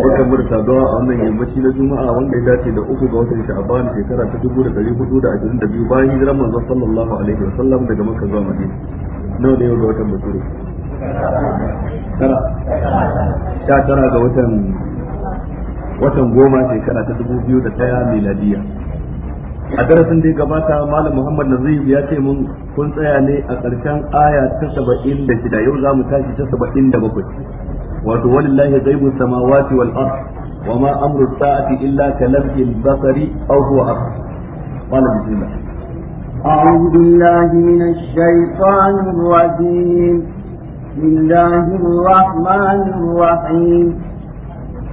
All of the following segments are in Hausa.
barkan murta da a wannan yammaci na juma'a wanda ya dace da uku ga watan sha'aban shekara ta dubu da dari hudu da ashirin da biyu bayan hijirar manzo sallallahu alaihi wasallam daga makka zuwa madina nawa ne yau ga watan bature sha tara ga watan watan goma shekara ta dubu biyu da daya miladiya a darasin da ya gabata malam muhammad nazir ya ce mun kun tsaya ne a ƙarshen aya ta saba'in da shida yau za mu tashi ta saba'in da bakwai wato walillahi ghaibu samawati wal ard wa ma amru sa'ati illa kalamhil basari aw huwa aqrab qala bismillah أعوذ بالله من الشيطان الرجيم بسم الله الرحمن الرحيم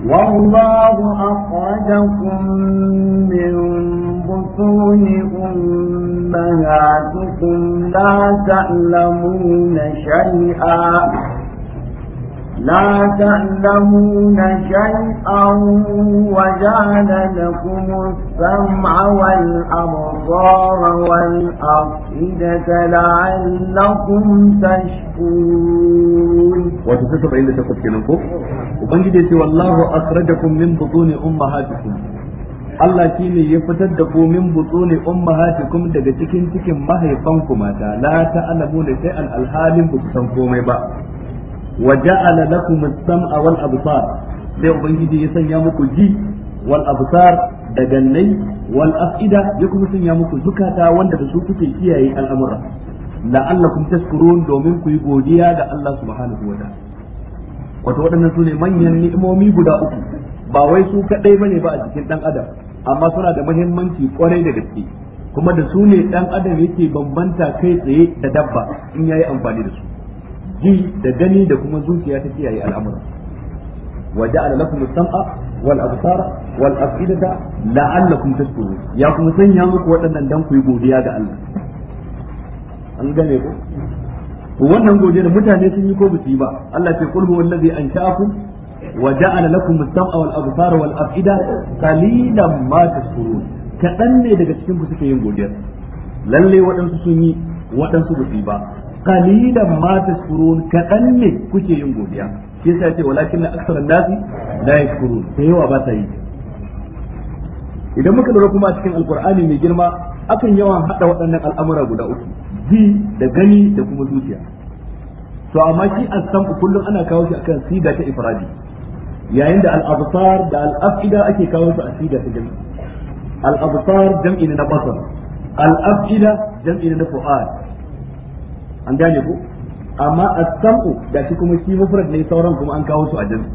والله أخرجكم من بطون أمهاتكم لا تعلمون شيئا لا تعلمون شيئا وجعل لكم السمع والأبصار والأفئدة لعلكم تشكرون وتتسبع إلا تقف كنكو وبنجد والله أخرجكم من بطون أمهاتكم Allah shi ne ya fitar da ku min butsuni ummahatikum daga cikin cikin mahaifanku mata la ta'lamu sai alhalin ba ku san komai ba wa ja'ala lakum as-sam'a sai ubangiji ya sanya muku ji wal absar da gannai wal afida ya kuma sanya muku zukata wanda da su kuke kiyaye al'amura la'allakum tashkurun domin ku yi godiya ga Allah subhanahu wa ta'ala wato waɗannan su ne manyan ni'imomi guda uku ba wai su kaɗai bane ba a cikin ɗan adam amma suna da muhimmanci kwarai da gaske kuma da su ne ɗan adam yake bambanta kai tsaye da dabba in yayi amfani da su ji da gani da kuma zuciya ta kiyaye al'amuran wa ja'ala lakum as-sam'a wal absara wal afidata la'allakum tashkurun ya kuma sanya muku waɗannan dan ku yi godiya ga Allah an gane ko wannan godiya da mutane sun yi ko ba su yi ba Allah ce qul huwa allazi ansha'akum wa ja'ala lakum as-sam'a wal absara wal afida qalilan ma tashkurun kadan ne daga cikin ku suke yin godiya lalle waɗansu sun yi waɗansu ba su yi ba qalilan ma tashkurun kadan ne kuke yin godiya shi yasa ce walakin aksar aksarun nasi la yashkurun da yawa ba ta yi idan muka lura kuma a cikin alqur'ani mai girma akan yawan hada waɗannan al'amura guda uku ji da gani da kuma zuciya to amma shi asam kullum ana kawo shi akan siga ta ifradi yayin da al-absar da al-afida ake kawo su a siga ta jami'i al-absar jam'i na basar al-afida jam'i na fu'ad an gane ku? amma as-sam'u da shi kuma shi mufrad ne sauran kuma an kawo su a jami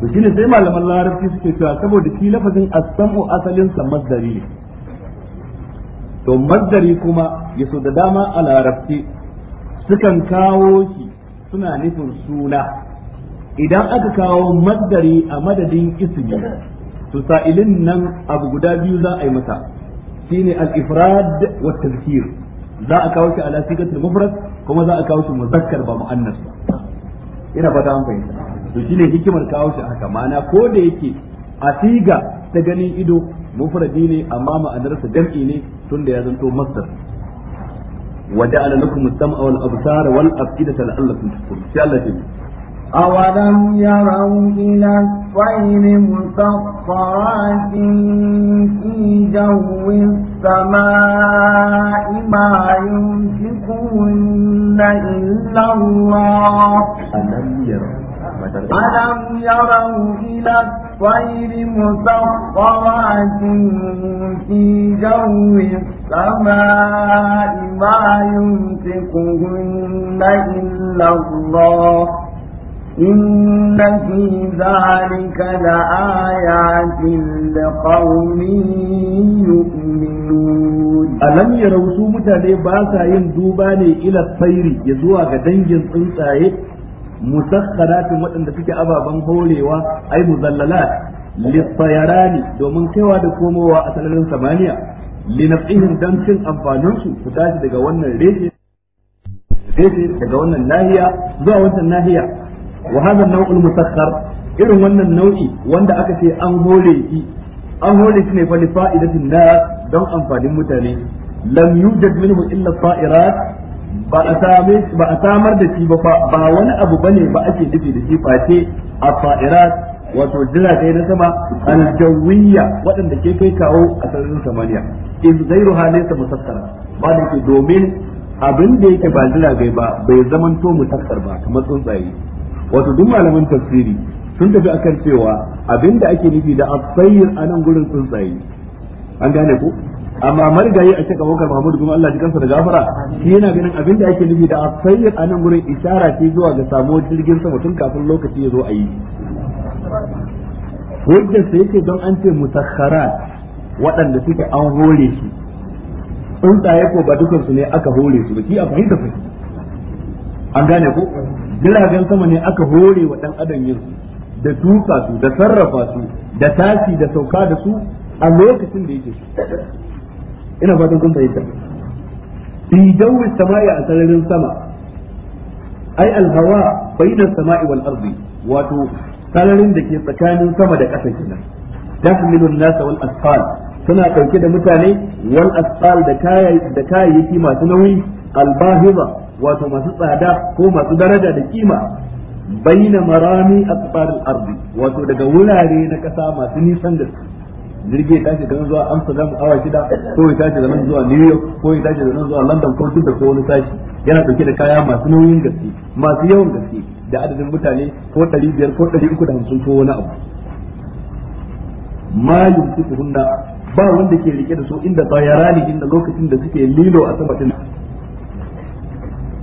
to shine sai malaman larabci suke cewa saboda shi lafazin as-sam'u asalin sa masdari ne to masdari kuma ya so da dama a larabci sukan kawo shi suna nufin suna idan aka kawo madari a madadin ismi to sa'ilin nan abu guda biyu za a yi masa shine al-ifrad wa tadhkir za a kawo shi ala sigatul mufrad kuma za a kawo shi muzakkar ba muannas ba ina fata an fahimta to shine hikimar kawo shi haka ma'ana ko da yake a siga ta ganin ido mufradi ne amma ma'anarsa jam'i ne tunda ya zanto masdar وجعل لكم السمع والابصار والافئده لعلكم تشكرون. ان شاء الله أولم يروا إلى الطير مسخرات في جو السماء ما يمسكون إلا الله ألم يروا ألم يروا إلى الطير مسخرات في جو السماء ما يمسكهن إلا الله إن في ذلك لآيات لقوم يؤمنون ألم يروا سومتا لباسا يندوباني إلى الطير يزوى كدنجن تنساي مسخرات وأن تفك أبا بنهولي وأي مذللات للطيران دومن كوا دكومو وأسلالين ثمانية لنفعهم دمشن أنفانونسو فتاتي دقا ونن ريجي daga wannan nahiya zuwa wancan nahiya wa hadha an irin wannan nau'i wanda aka ce an hore shi an hore shi ne fa fa'idatin na don amfanin mutane lam yujad minhu illa fa'irat ba a ba a samar da shi ba ba wani abu bane ba ake nufi da shi face a fa'irat wato dai na sama aljawiyya waɗanda ke kai kawo a sararin samaniya in zairu halaysa musakkara ba da domin abin da yake ba jiragai ba bai zamanto musakkar ba kamar tsuntsaye wato duk malamin tafsiri sun tafi akan cewa abinda ake nufi da asayir a nan gurin tsuntsaye an gane ko amma marigayi a cikin wakar Muhammadu kuma Allah ji kansa da gafara shi yana ganin abinda ake nufi da asayir a nan gurin isara ce zuwa ga samo jirgin sama tun kafin lokaci ya zo a yi hujjar sa yake don an ce mutakharat waɗanda suke an hore su tsuntsaye ko ba dukansu ne aka hore su ba shi a fahimta fahimta an gane ko jiragen sama ne aka hore wa dan adam yin su da tuka su da sarrafa su da tashi da sauka da su a lokacin da yake ina fatan kun fahimta fi jawi samai a sararin sama ai alhawa bainas sama'i wal ardi wato sararin da ke tsakanin sama da ƙasa kenan tahmilu an-nasa wal asfal suna ɗauke da mutane wal asfal da kayayyaki masu nauyi al albahiza wato masu tsada ko masu daraja da kima baina marami aqbar al-ard wato daga wurare na kasa masu nisan da Jirgin ya tashi daga zuwa Amsterdam awa shida ko ya tashi daga zuwa New York ko ya tashi daga zuwa London ko duk da ko wani sashi yana dauke da kaya masu nauyin gaske masu yawan gaske da adadin mutane ko 500 ko 350 ko wani abu ma yumtiku hunda ba wanda ke rike da su inda tsayarani inda lokacin da suke lilo a sama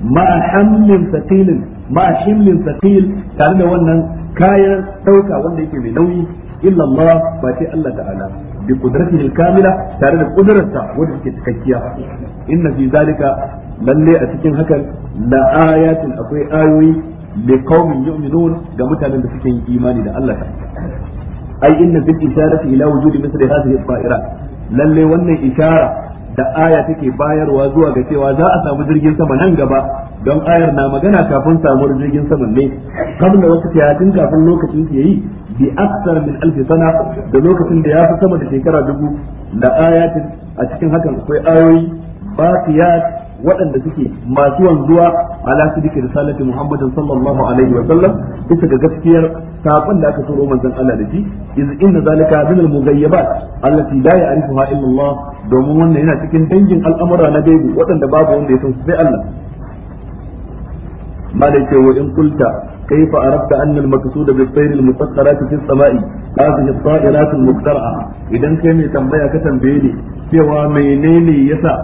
ma'a hamlin saqilin ma'a himlin saqil tare da wannan kayan ɗauka wanda yake mai nauyi illa Allah ba sai Allah ta'ala bi qudratihi al-kamila tare da kudrarsa wanda take cikakkiya inna fi zalika lalle a cikin hakan la ayatin akwai ayoyi li qaumin yu'minun ga mutanen da suke yin imani da Allah ai inna bil isharati ila wujudi mithli hadhihi al-fa'irat lalle wannan ishara da aya take bayarwa zuwa ga cewa za a samu jirgin sama nan gaba don ayar na magana kafin samuwar jirgin sama ne da wasu tiyatin kafin lokacin ke yi bi aksar min alfi sana da lokacin da ya fi sama da shekara dubu da ayatin a cikin hakan akwai ayoyi ba waɗanda suke masu wanzuwa ala sidiki risalati muhammadin sallallahu alaihi wa sallam bisa ga gaskiyar sakon da aka turo manzon Allah da shi iz inna zalika min al-mughayyabat allati la ya'rifuha illa Allah domin wannan yana cikin dangin al'amura na gaibi waɗanda babu wanda ya san sai Allah malai wa in kulta كيف عرفت أن المقصود بالطير المسخرات في السماء هذه الطائرات المخترعة إذا كان يتنبيه كتنبيني سوى منيني يسا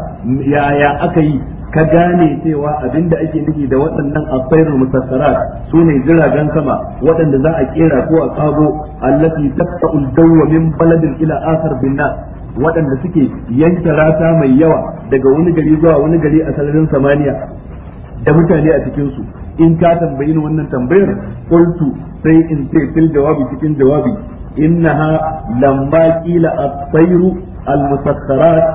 يا يا أكي ka gane cewa abin da ake nufi da waɗannan asairar musassara su ne jiragen sama waɗanda za a kera ko a kago allati taqta'ul dawwa min baladin ila akhar waɗanda suke yanke rata mai yawa daga wani gari zuwa wani gari a sararin samaniya da mutane a cikinsu. in ka tambayi ni wannan tambayar qultu sai in ce fil jawabi cikin jawabi innaha lamma qila at-tayru al musakkarat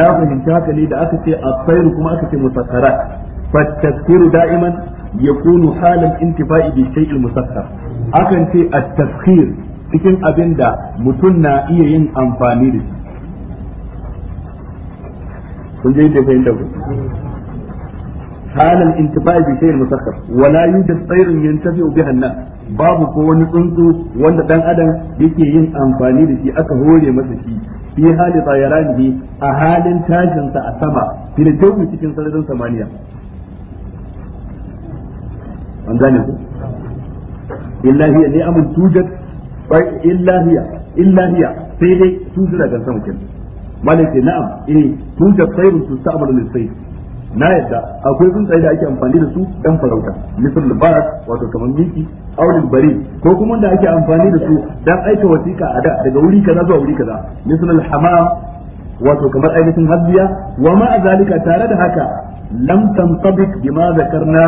na fahimta haka ne da aka ce at-tayru kuma aka ce fatakiru daiman دائما يكون intifa'i الانتفاء بالشيء المسكر akan ce at-tafkhir cikin abin da mutum na iya yin amfani da shi kun je da fahimta ku حال الانتفاع بشيء المسخر ولا يوجد طير ينتفع بها الناس babu ko wani tsuntsu wanda ɗan adam yake yin amfani da shi aka hore masa shi fi hali tsayarani a halin tashinsa a sama fil jawbi cikin sararin samaniya an gane ku illa hiya ne amun tujat illa hiya illa hiya sai dai tujira ga na yadda akwai tsuntsaye da ake amfani da su dan farauta misal barak wato kamar miki aulin bari ko kuma da ake amfani da su dan aika wasika a da daga wuri kaza zuwa wuri kaza misal hamam wato kamar ainihin hazziya wa ma zalika tare da haka lam tantabiq bima zakarna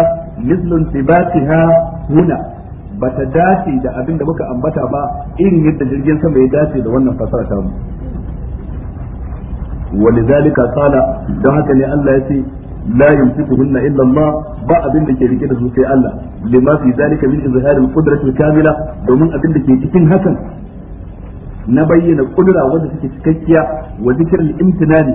misl sibatiha huna bata dace da abin da muka ambata ba irin yadda jirgin sama ya dace da wannan fasara ta mu ولذلك قال دعك لأن لا يتي la yumsikuhunna illa Allah ba abin da ke rike da su sai Allah lima fi zalika min izharil qudratil kamila domin abin da ke cikin hakan na bayyana kudura wanda take cikakkiya wa zikrul imtinani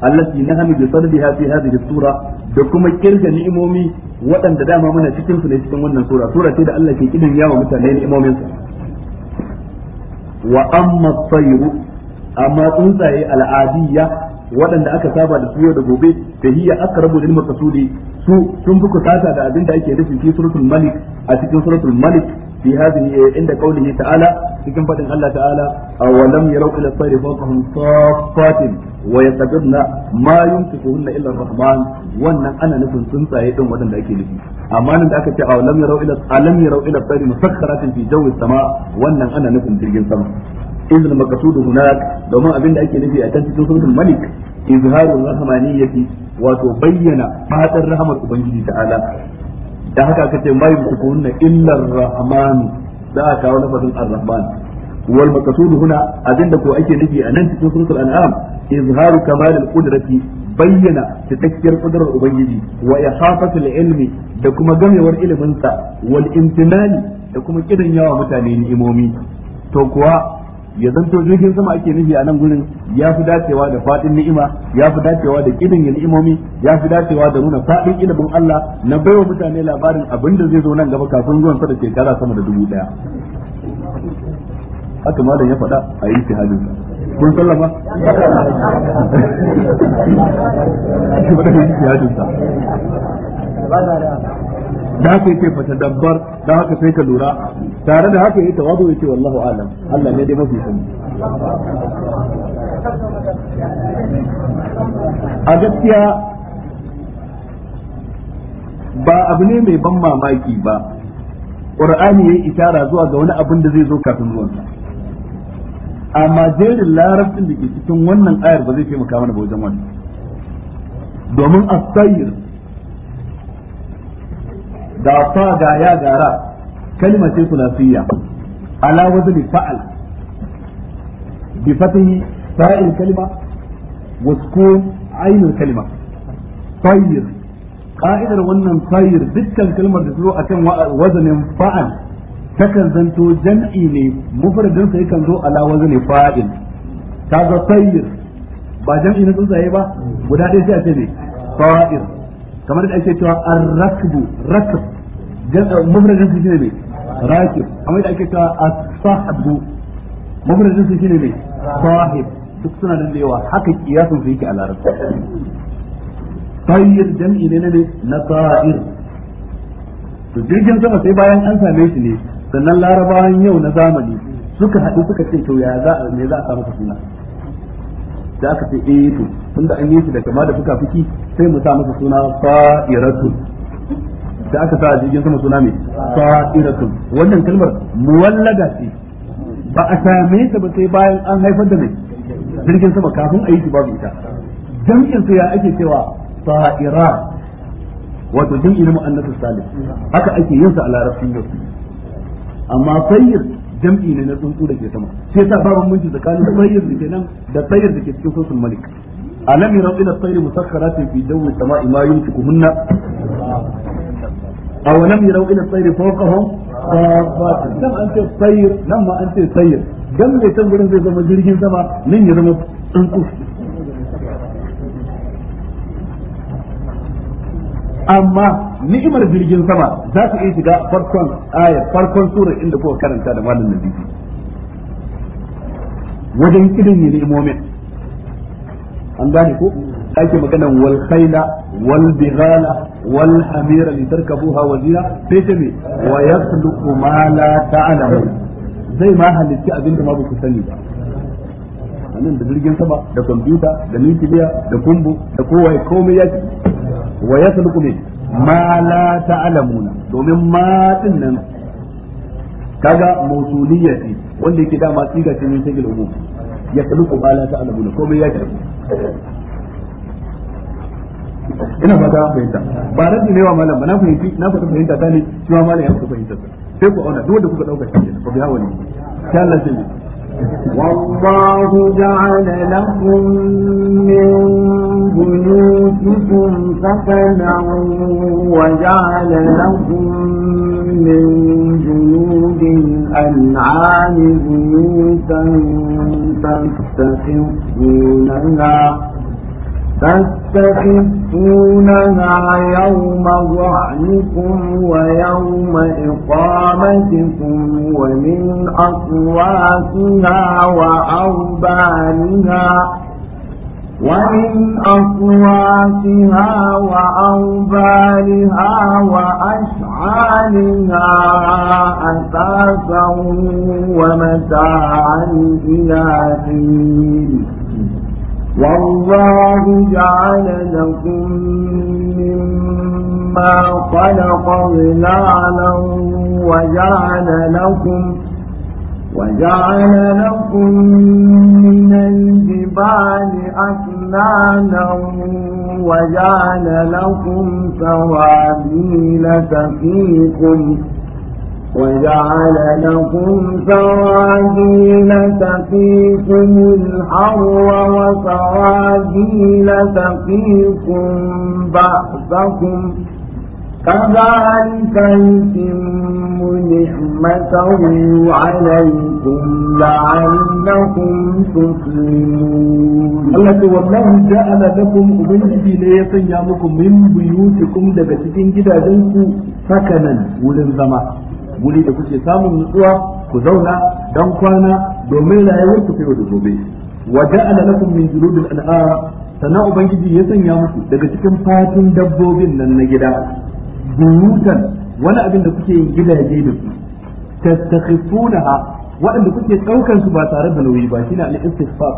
allati nahami bi sadriha fi hadhihi sura da kuma kirga ni'imomi waɗanda dama muna cikin su ne cikin wannan sura sura ce da Allah ke kidan yawa mutane ni'imomin sa wa amma tayru amma tsuntsaye al'adiyya waɗanda aka saba da su yau da gobe da hiya aka rabu da maqsudi su sun fi kusata da abin da ake nufi fi suratul malik a cikin suratul malik fi hadhihi eh, inda qawlihi ta'ala cikin fadin Allah ta'ala aw lam yaraw ila sayri fawqahum saffatin wa yasjudna ma yumsikuhunna illa ar-rahman wannan ana nufin tsuntsaye din waɗanda ake nufi amma nan da aka ce aw lam yaraw ila alam yaraw ila sayri musakhkharatin fi jawi sama wannan ana nufin jirgin sama izin makasudu hunak domin abin da ake nufi a can cikin suratul malik izharul rahmaniyati wato bayyana fadar rahmar ubangiji ta'ala da haka aka ce mai tukunna illa rahman da aka kawo lafazin ar-rahman wal makasudu huna abinda ko ake nufi a nan cikin suratul an'am izharu kamalil qudrati bayyana cikakkiyar kudurar ubangiji wa ihafatul ilmi da kuma gamewar iliminsa wal imtinani da kuma kidan yawa mutane ni'imomi to kuwa ya zanto jirgin sama ake nufi a nan gurin ya fi dacewa da fadin ni'ima ya fi dacewa da kidin ya ni'imomi ya fi dacewa da nuna fadin ilimin Allah na baiwa mutane labarin abin da zai zo nan gaba kafin zuwan sa da shekara sama da dubu daya haka malam ya faɗa a yi tihadin sa kun sallama shi faɗa yi tihadin sa da haka yake fata dabbar da haka sai ka lura tare da haka yake tawadu yake wallahu alam Allah ne dai mafi sani a gaskiya ba abu ne mai ban mamaki ba qur'ani yayi itara zuwa ga wani abin da zai zo kafin zuwansa amma jerin larabcin da ke cikin wannan ayar ba zai taimaka mana ba wajen wannan domin asayir ga fa ga ya ga ra kalma ce kulafiyya ala wazni fa'al bi fatihi fa'il kalma wa sukun ainul kalma tayyir ka'idar wannan tayyir dukkan kalmar da zo akan wazanin fa'al takan zanto jam'i ne mufradin sa yakan zo ala wazni fa'il kaga tayyir ba jam'i na tsuntsaye ba guda ɗaya sai a ce ne fa'il kamar da ake cewa ar-rakbu rakb mufradin su shi ne rakib kamar da ake cewa as-sahbu mufradin su shi ne sahib duk suna da yawa haka kiyasun su yake a larabci tayir jam'i ne ne na sa'ir to jirgin sama sai bayan an same shi ne sannan larabawan yau na zamani suka haɗu suka ce to ya za me za a samu suna da aka ce eh to tunda an yi shi da kama da fuka fuki sai mu sa masa suna fa'iratun da aka sa jirgin sama suna mai fa'iratun wannan kalmar muwallada ce ba a same ta ba sai bayan an haifar da mai jirgin sama kafin a yi shi babu ita jam'in su ya ake cewa fa'ira wato jam'i na mu'annasu salih haka ake yin sa a larabcin yau amma sayyid jam'i ne na tsuntsu da ke sama sai sa ba bambanci tsakanin tsayir da ke nan da tsayir da ke cikin sosul malik alam yarau ila tsayir musakkaratin fi jawi sama'i ma yumsikuhunna A lam yara ila tsayir fawqahum sabatin dan an ce tsayir nan ma an ce tsayir dan mai can gurin zai zama jirgin sama nan ya zama tsuntsu amma ni'imar jirgin sama za su iya shiga farkon ayar farkon sura inda kuka karanta da malam nabi wajen kidan yi ni'imomin an gane ko ake maganan wal khayla wal bighala wal hamira li tarkabuha wa zina sai ta wa yakhluqu ma la ta'lamun zai ma halitta abinda ma ku sani ba anan da jirgin sama da kwamfuta da nukiliya da kumbu da kowaye komai ya wa yakhluqu min ma la ta'lamuna domin ma din nan kaga mausuliyya ce wanda yake dama siga ce min sigil umum yakhluqu ma la ta'lamuna komai ya shafi ina ba an fahimta ba na ne wa malam ba na fahimci na fata fahimta ta ne shi ma malam ya fata fahimta sai ku auna duk wanda kuka ɗauka shi ne ba bi hawa ne sai Allah sai والله جعل لكم من بيوتكم سكنا وجعل لكم من جنود الأنعام بيوتا تستخفونها تستخفونها يوم ضعنكم ويوم إقامتكم ومن أصواتها وأربانها ومن أصواتها وأوبارها وأشعارها أساسا ومتاعا إلى حين والله جعل لكم مما خلق ظلالا وجعل لكم وجعل لكم من الجبال أكنانا وجعل لكم سوابيل تقيكم وجعل لكم سراجيل تقيكم الحر وسراجيل تقيكم بأسكم كذلك يتم نعمته عليكم لعلكم تسلمون الله والله جعل لكم ubangiji ne ya sanya muku min buyutikum daga cikin gidajenku sakanan wurin zama guri da kuke samun nutsuwa ku zauna dan kwana domin rayuwar ku yau da gobe wa ja'ala lakum min juludil an'am sana ubangiji ya sanya muku daga cikin fatin dabbobin nan na gida buyutan wani abin da kuke yin gidaje da su tastakhifunaha waɗanda kuke ɗaukar su ba tare da nauyi ba shine al-istighfar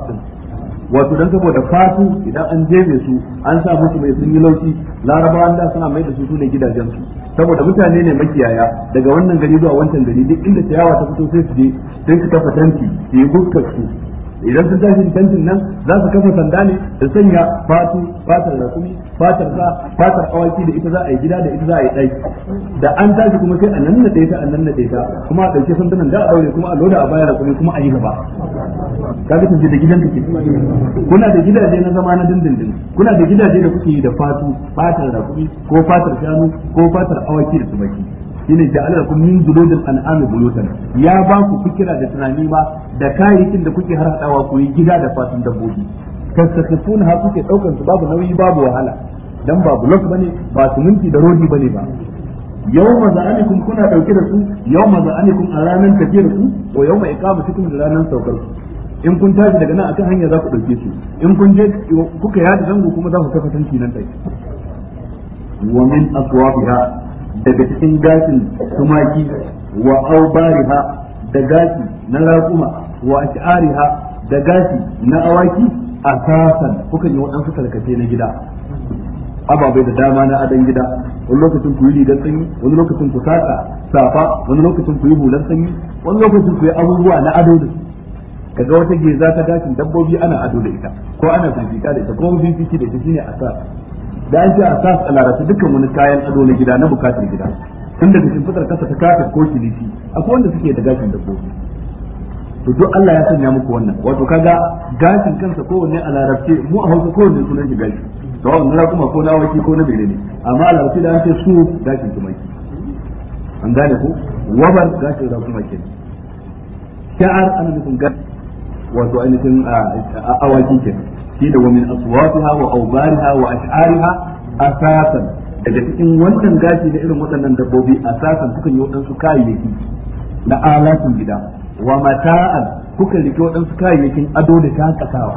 wato dan saboda fatu idan an jebe su an sa musu mai sun yi laushi larabawan da suna mai da su sune gidajen su saboda mutane ne makiyaya daga wannan gari zuwa wancan gari duk inda ciyawa ta fito sai su je sai su tafa tanti su yi bukkar su idan sun tashi tantin nan za su kafa sanda ne da sanya fatu fatar rakumi fatar sa fatar awaki da ita za a yi gida da ita za a yi ɗaki da an tashi kuma sai a nan na ta a nan na ta kuma a ɗauke sandunan da a ɗaure kuma a loda a bayar rakumi kuma a yi gaba kaga tafi da gidan ke kuna da gidaje na zama na dindindin kuna da gidaje da kuke yi da fatu fatar rakumi ko fatar shanu ko fatar awaki da tumaki shine ja'alakum min zuludil an'ami buyutan ya ba ku fikira da tunani ba da kayayyakin da kuke harhaɗawa ku yi gida da fatan dabbobi tasakifun ha kuke daukan su babu nauyi babu wahala dan ba block bane ba suminti da rodi bane ba yawma za'anikum kuna dauke da su yawma za'anikum a ranar tafiyar su ko yawma iqamatikum da ranar saukar su in kun tashi daga nan akan hanya za ku dauke su in kun je kuka yada zango kuma za ku kafa tanki nan take wa min daga cikin gashin tumaki wa aubariha da gashi na raƙuma wa ash'ariha da gashi na awaki a sasan kuka yi waɗansu tarkace na gida ababai da dama na adon gida wani lokacin ku yi rigar sanyi wani lokacin ku saka safa wani lokacin ku yi hular sanyi wani lokacin ku yi abubuwa na ado da kaga wata geza ta gashin dabbobi ana ado da ita ko ana fifita da ita ko fifiki da ita shine asar da an ce a sa a larabci dukkan wani kayan ado na gida na bukatar gida tun daga fitar kasa ta kafin ko kiliti akwai wanda suke da gashin dabbobi to duk Allah ya sanya muku wannan wato kaga gashin kansa kowanne a larabce mu a hausa kowanne sunan shi gashi to wannan na kuma ko na waki ko na bere ne amma a larabce da an ce su gashin tumaki an gane ku wabar gashin da kuma ke sha'ar an nufin gashi wato ainihin awaki kenan shine wa min aswatiha wa awbariha wa daga cikin wannan gashi da irin waɗannan dabbobi asasan kukan yi waɗansu kayayyaki na alatun gida wa mata'an kukan rike waɗansu kayayyakin ado da takatawa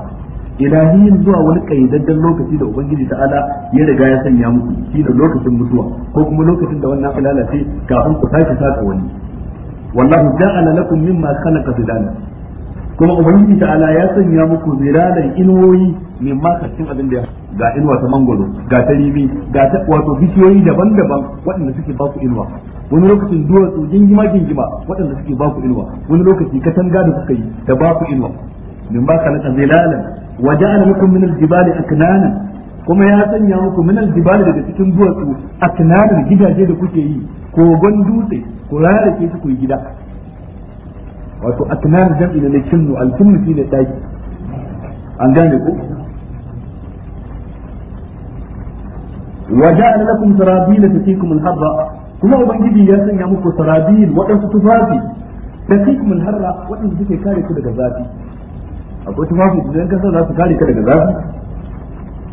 ilahiyin zuwa wani kayyadadden lokaci da ubangiji ala ya riga ya sanya muku shi da lokacin mutuwa ko kuma lokacin da wannan lalace kafin ku sake saka wani wallahu ja'ala lakum mimma khalaqa zilala kuma ubangiji ala ya sanya muku ziralan inuwoyi ne ma kacin abin da ga inuwa ta mangoro ga ta ribi ga ta wato bishiyoyi daban-daban waɗanda suke ba ku inuwa wani lokacin duwatsu gingima gingima waɗanda suke ba ku inuwa wani lokaci katanga da kuka yi da ba ku inuwa min ma khalaqa zilalan wa ja'ala lakum min al-jibali aknana kuma ya sanya muku min al-jibali daga cikin duwatsu aknana gidaje da kuke yi kogon dutse ko rarake su ku gida wato aknar jam'i ne na kinnu al-kinnu shine daki an gane ku وجعل لكم سرابيل تقيكم الحر كما ubangiji ya sanya muku sarabil waɗansu tufafi تقيكم الحر waɗansu suke kare ku daga zafi akwai tufafi da idan kasar za su kare ka daga zafi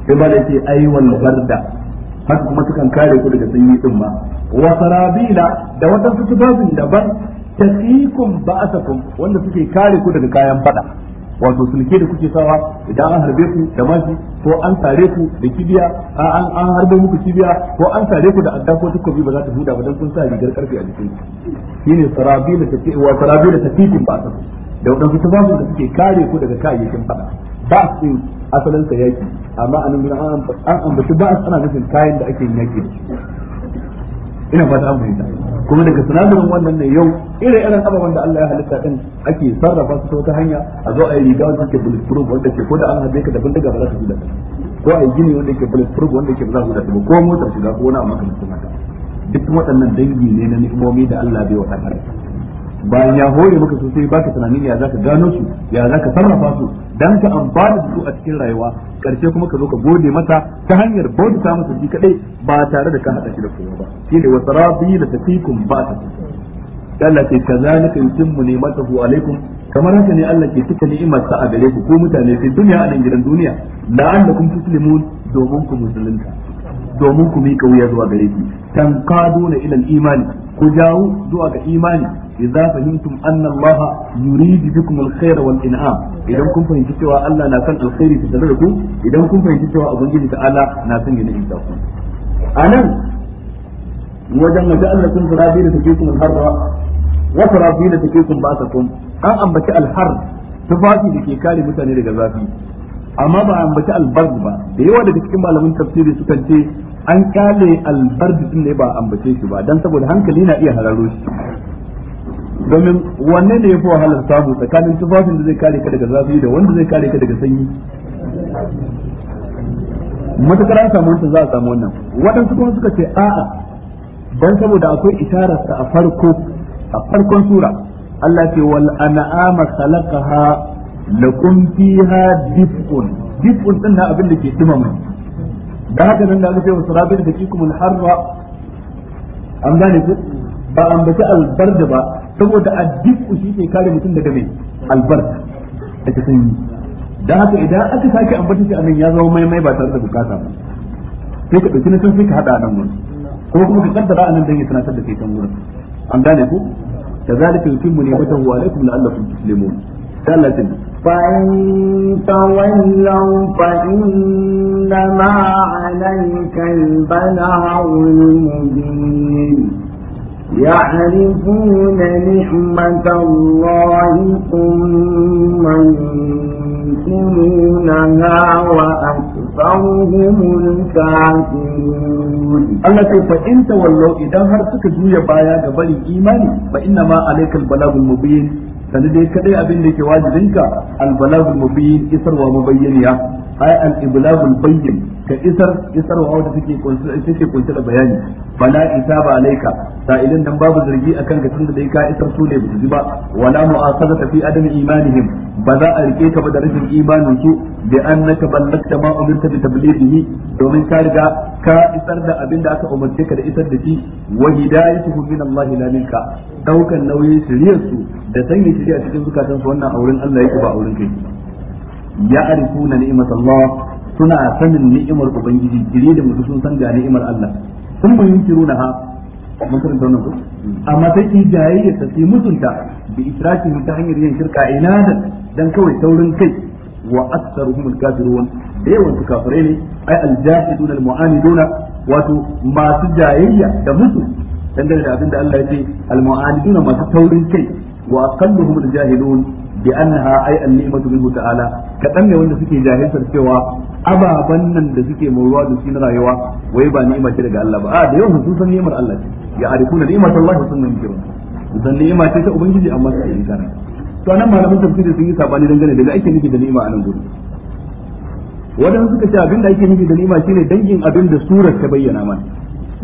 sai ba da yake aiwal barda haka kuma sukan kare ku daga sanyi din ma wa sarabila da waɗansu tufafin daban taqikum ba'asakum wanda suke kare ku daga kayan fada wato sulke da kuke sawa idan an harbe ku da mashi ko an sare ku da kibiya an an harbe muku kibiya ko an sare ku da adda ko takobi ba za ta huda ba dan kun sa rigar karfi a jikin shine sarabila tafi wa sarabila tafikum ba ta da wadansu tufafin da suke kare ku daga kayayyakin fada ba su asalin sa yaki amma anan an an ambaci ba ana nufin kayan da ake yaki ina fata an fahimta kuma daga sinadarin wannan ne yau irin irin ababen da Allah ya halitta din ake sarrafa su ta hanya a zo a yi riga wanda ke proof wanda ke ko da an haɗe ka da bindiga ba za ka ji da ko a yi gini wanda ke proof wanda ke ba za ka ji da ko motar shiga ko wani a makamancin haka duk waɗannan dangi ne na ni'imomi da Allah bai wa ɗan bayan ya hore maka sosai baka tunanin ya zaka gano su ya zaka sarrafa su dan ka amfana da su a cikin rayuwa karshe kuma ka zo ka gode mata ta hanyar bauta masa shi kadai ba tare da ka hada shi da kowa ba shine wa sarabi la tafikum ba ta Allah ke kazalika yutimmu ni'matahu alaikum kamar haka ne Allah ke ni'imar ni'imarsa a gare ku ko mutane fi duniya a nan gidan duniya la'allakum tuslimun domin ku musulunta domin ku miƙa wuya zuwa gare shi tankaduna ila al-imani ku jawo zuwa ga imani idza fahimtum anna Allah yuridu bikum al-khair wal in'am idan kun fahimci cewa Allah na san alkhairi ta da ku idan kun fahimci cewa ubangiji ta Allah na san yana da ku anan wajen waje Allah fara farabi da take kun harba wa farabi da take kun ba ta kun an ambaci alhar har tufafi da ke kare mutane daga zafi amma ba a ambaci albard ba da yawa daga cikin malamin tafsiri sukan ce an kale albard din ne ba a ambace shi ba dan saboda hankali na iya hararo shi domin wanne ne yafi wahalar samu tsakanin tufafin da zai kare ka daga zafi da wanda zai kare ka daga sanyi matukar an samu wancan za a samu wannan waɗansu kuma suka ce a'a dan saboda akwai isharar a farko a farkon sura Allah ce wal an'ama khalaqaha lakum fiha dif'un dif'un din na abin da ke dumama da haka nan da aka ce wa sarabil da kikumul harra an gane ku ba an bace albarda ba saboda addiku shi ke kare mutum daga mai albarda daga sanyi da haka idan aka sake ambata shi anan ya zama maimai ba tare da bukata ba sai ka dauki na can sai ka hada nan gurin ko kuma ka kaddara anan dan ya tunatar da kai can Fa'iza wallan fahimtar da ya alifu da ta wajen a saurin wanka. Allah ta wallau idan har suka juya baya ga barin imani, bai in nama alaƙar bala'u mu sanda dai kadai abin da ke wajibinka albalagul mubin isarwa mubayyaniya Ai al iblagul bayyin ka isar isarwa wanda take kunshi take kunshi da bayani bala isaba alayka sa'ilin dan babu zargi akan ka tunda dai ka isar su ne ba ji ba wala mu'akhadata fi adam imanihim ba za a rike ka ba da rashin imanin su bi annaka ballagta ma umirta bi tablighihi domin ka riga ka isar da abin da aka umarce ka da isar da shi wa hidayatuhu min Allah la minka daukan nauyin shiriyarsu su da sanya ciki a cikin zukatan su wannan auren Allah yake ba auren kai ya arifuna ni'mat Allah suna sanin ni'imar ubangiji kire da mutum sun san ga ni'imar Allah sun mun yunkiru na ha mun karanta wannan ko amma sai in jayayya ta sai mutunta bi israkin ta hanyar yin shirka ina inadan dan kawai taurin kai wa aktsaruhum al-kafirun da yawan su kafirai ne ai al-jahiduna al-mu'aniduna wato masu jayayya da mutu dangane da abin da Allah ya ce al masu taurin kai wa aqalluhum al-jahilun bi annaha ay an-ni'matu minhu ta'ala kadan ne wanda suke jahilar cewa ababan nan da suke murwa da shi rayuwa wai ba ni'ima ce daga Allah ba a da yawan sun san ni'imar Allah ce ya arifuna ni'mat Allah sun nan kiran san ni'ima ce ta ubangiji amma su yi kana to nan malamin tafsiri sun yi sabani dangane daga ake nufi da ni'ima a nan gudu wadan suka ce abin da ake nufi da ni'ima shine dangin abin da surar ta bayyana mana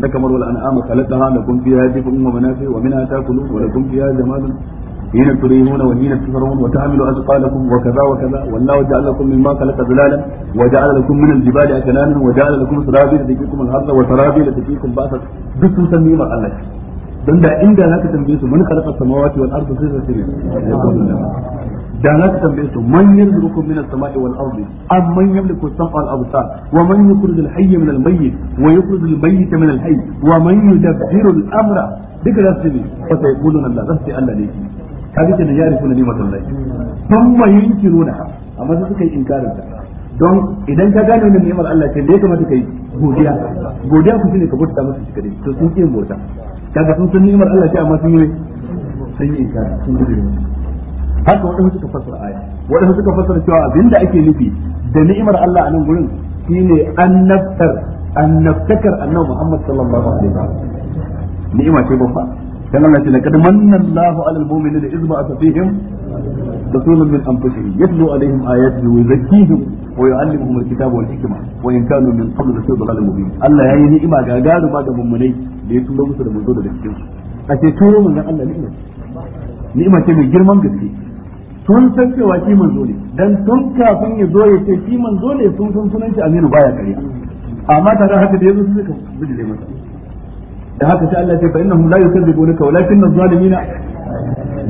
na kamar wal an'amu khalaqaha lakum fiha dif'un wa manafi wa minha ta'kulun wa lakum fiha jamalun حين تريحون وحين تسرون وتحملوا أثقالكم وكذا وكذا والله جعل لكم مما خلق ظلالا وجعل لكم من الجبال أكنانا وجعل لكم سرابيل تجيكم الحر وسرابيل تجيكم بأسا duk sun san nimar Allah don da inda za ka tambaye su man khalaqa samawati wal ardi sai sai da za ka tambaye su man yarzuqukum min as-sama'i wal ardi am man yamliku as-sam'a wal absar wa man yukhrij al-hayy min al wa min Allah abin da ya rufu na nima sallai sun mayin kiro na amma su suka yi inkarin ta don idan ka gane wannan ni'imar Allah ce da ya kamata kai godiya godiya ku shine ka bauta masa shi kadai to sun yin bauta kaga sun san ni'imar Allah ce amma sun yi sun yi inkari sun gudu haka wadanda suka fassara aya wadanda suka fassara cewa abinda ake nufi da ni'imar Allah a nan gurin shine annabtar annabtakar annabi Muhammad sallallahu alaihi wasallam ni'ima ce babba dan Allah ce laqad manna Allahu 'alal mu'minina idh ba'atha fihim rasulan min anfusihim yatlu 'alaihim ayatihi wa yuzakkihim wa yu'allimuhum al-kitaba wal hikma wa in kanu min qablu lafi dhalalin mubin Allah ya yi ni'ima ga garuma ga mummunai da ya tura musu da manzo daga cikin a ce turo Allah girman gaske sun san cewa shi manzo ne dan tun kafin ya zo ya ce shi manzo ne sun san sunan shi Aminu baya kariya amma da haka da yazo suka bijile masa da haka sai Allah ce fa innahum la yukadzibunka walakin adh-dhalimina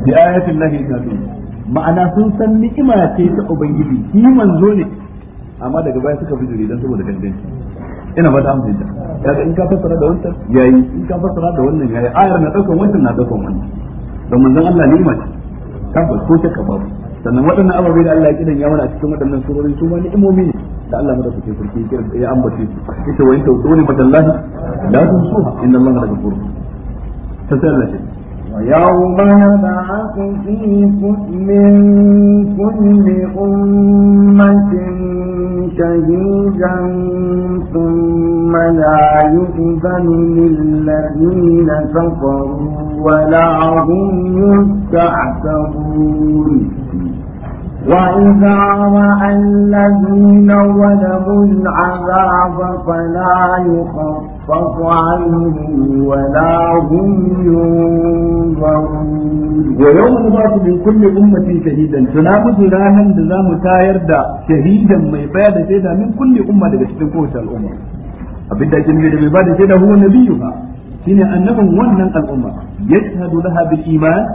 bi ayati llahi yakfurun ma'ana sun san ni'ima ce ta ubangiji shi manzo ne amma daga baya suka bijire dan saboda ganganci ina ba da amfani da kaga in ka fassara da wannan yayi in ka fassara da wannan yayi ayar na daukan wannan na daukan wannan don manzon Allah ni'ima ce tabbas ko ta babu sannan waɗannan ababai da Allah ya kidan ya mana a cikin waɗannan surori su ma ni'imomi ne da Allah mada kuke sarki ya ambace su ita wayin tawduni madallahi la tusuha inna Allah ghafur tasalla shi ويوم نبعث في من كل أمة شهيدا ثم لا يؤذن للذين كفروا ولا هم يستعتبون وإذا رأى الذين ظلموا العذاب فلا يخفف عنهم ولا هم ينظرون ويوم نبعث من كل أمة شهيدا تنابت رانا لزام تاير شهيدا ما يبعد شهيدا من كل أمة لتشتكوش الأمة abinda ake nufi da mai bada shaida huwa nabiyuha shine annabin wannan al'umma yashhadu laha bil iman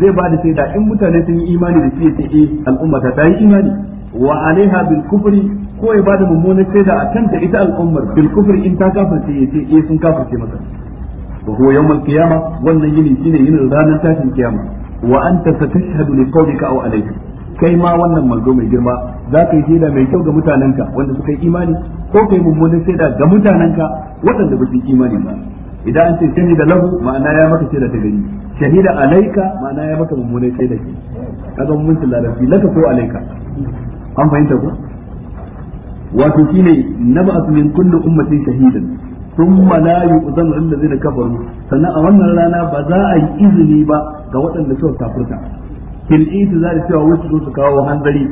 zai ba da shaida in mutane sun yi imani da shi ya ce eh al'umma ta yi imani wa alaiha bil kufri ko ya bada mummunan shaida a kanta ita al'ummar bil kufri in ta kafirce ya ce eh sun kafirce masa wa huwa yawmal qiyamah wannan yini shine yinin ranar tashin kiyama wa anta satashhadu li qawlika aw alayka kai ma wannan manzo mai girma za ka yi shaida mai kyau ga mutanenka wanda suka yi imani ko kai mummunan shaida ga mutanenka waɗanda ba su yi imani ba idan an ce shahida lahu ma'ana ya maka shaida ta gani shahida alaika ma'ana ya maka mummunai shaida ke kaga mummuncin larabci laka ko alaika an fahimta ko wato shine nab'at min kulli ummatin shahidan thumma la yu'zanu lil ladzina kafaru sannan a wannan rana ba za a yi izini ba ga waɗanda suka kafirta fil itizari cewa wasu su kawo hanzari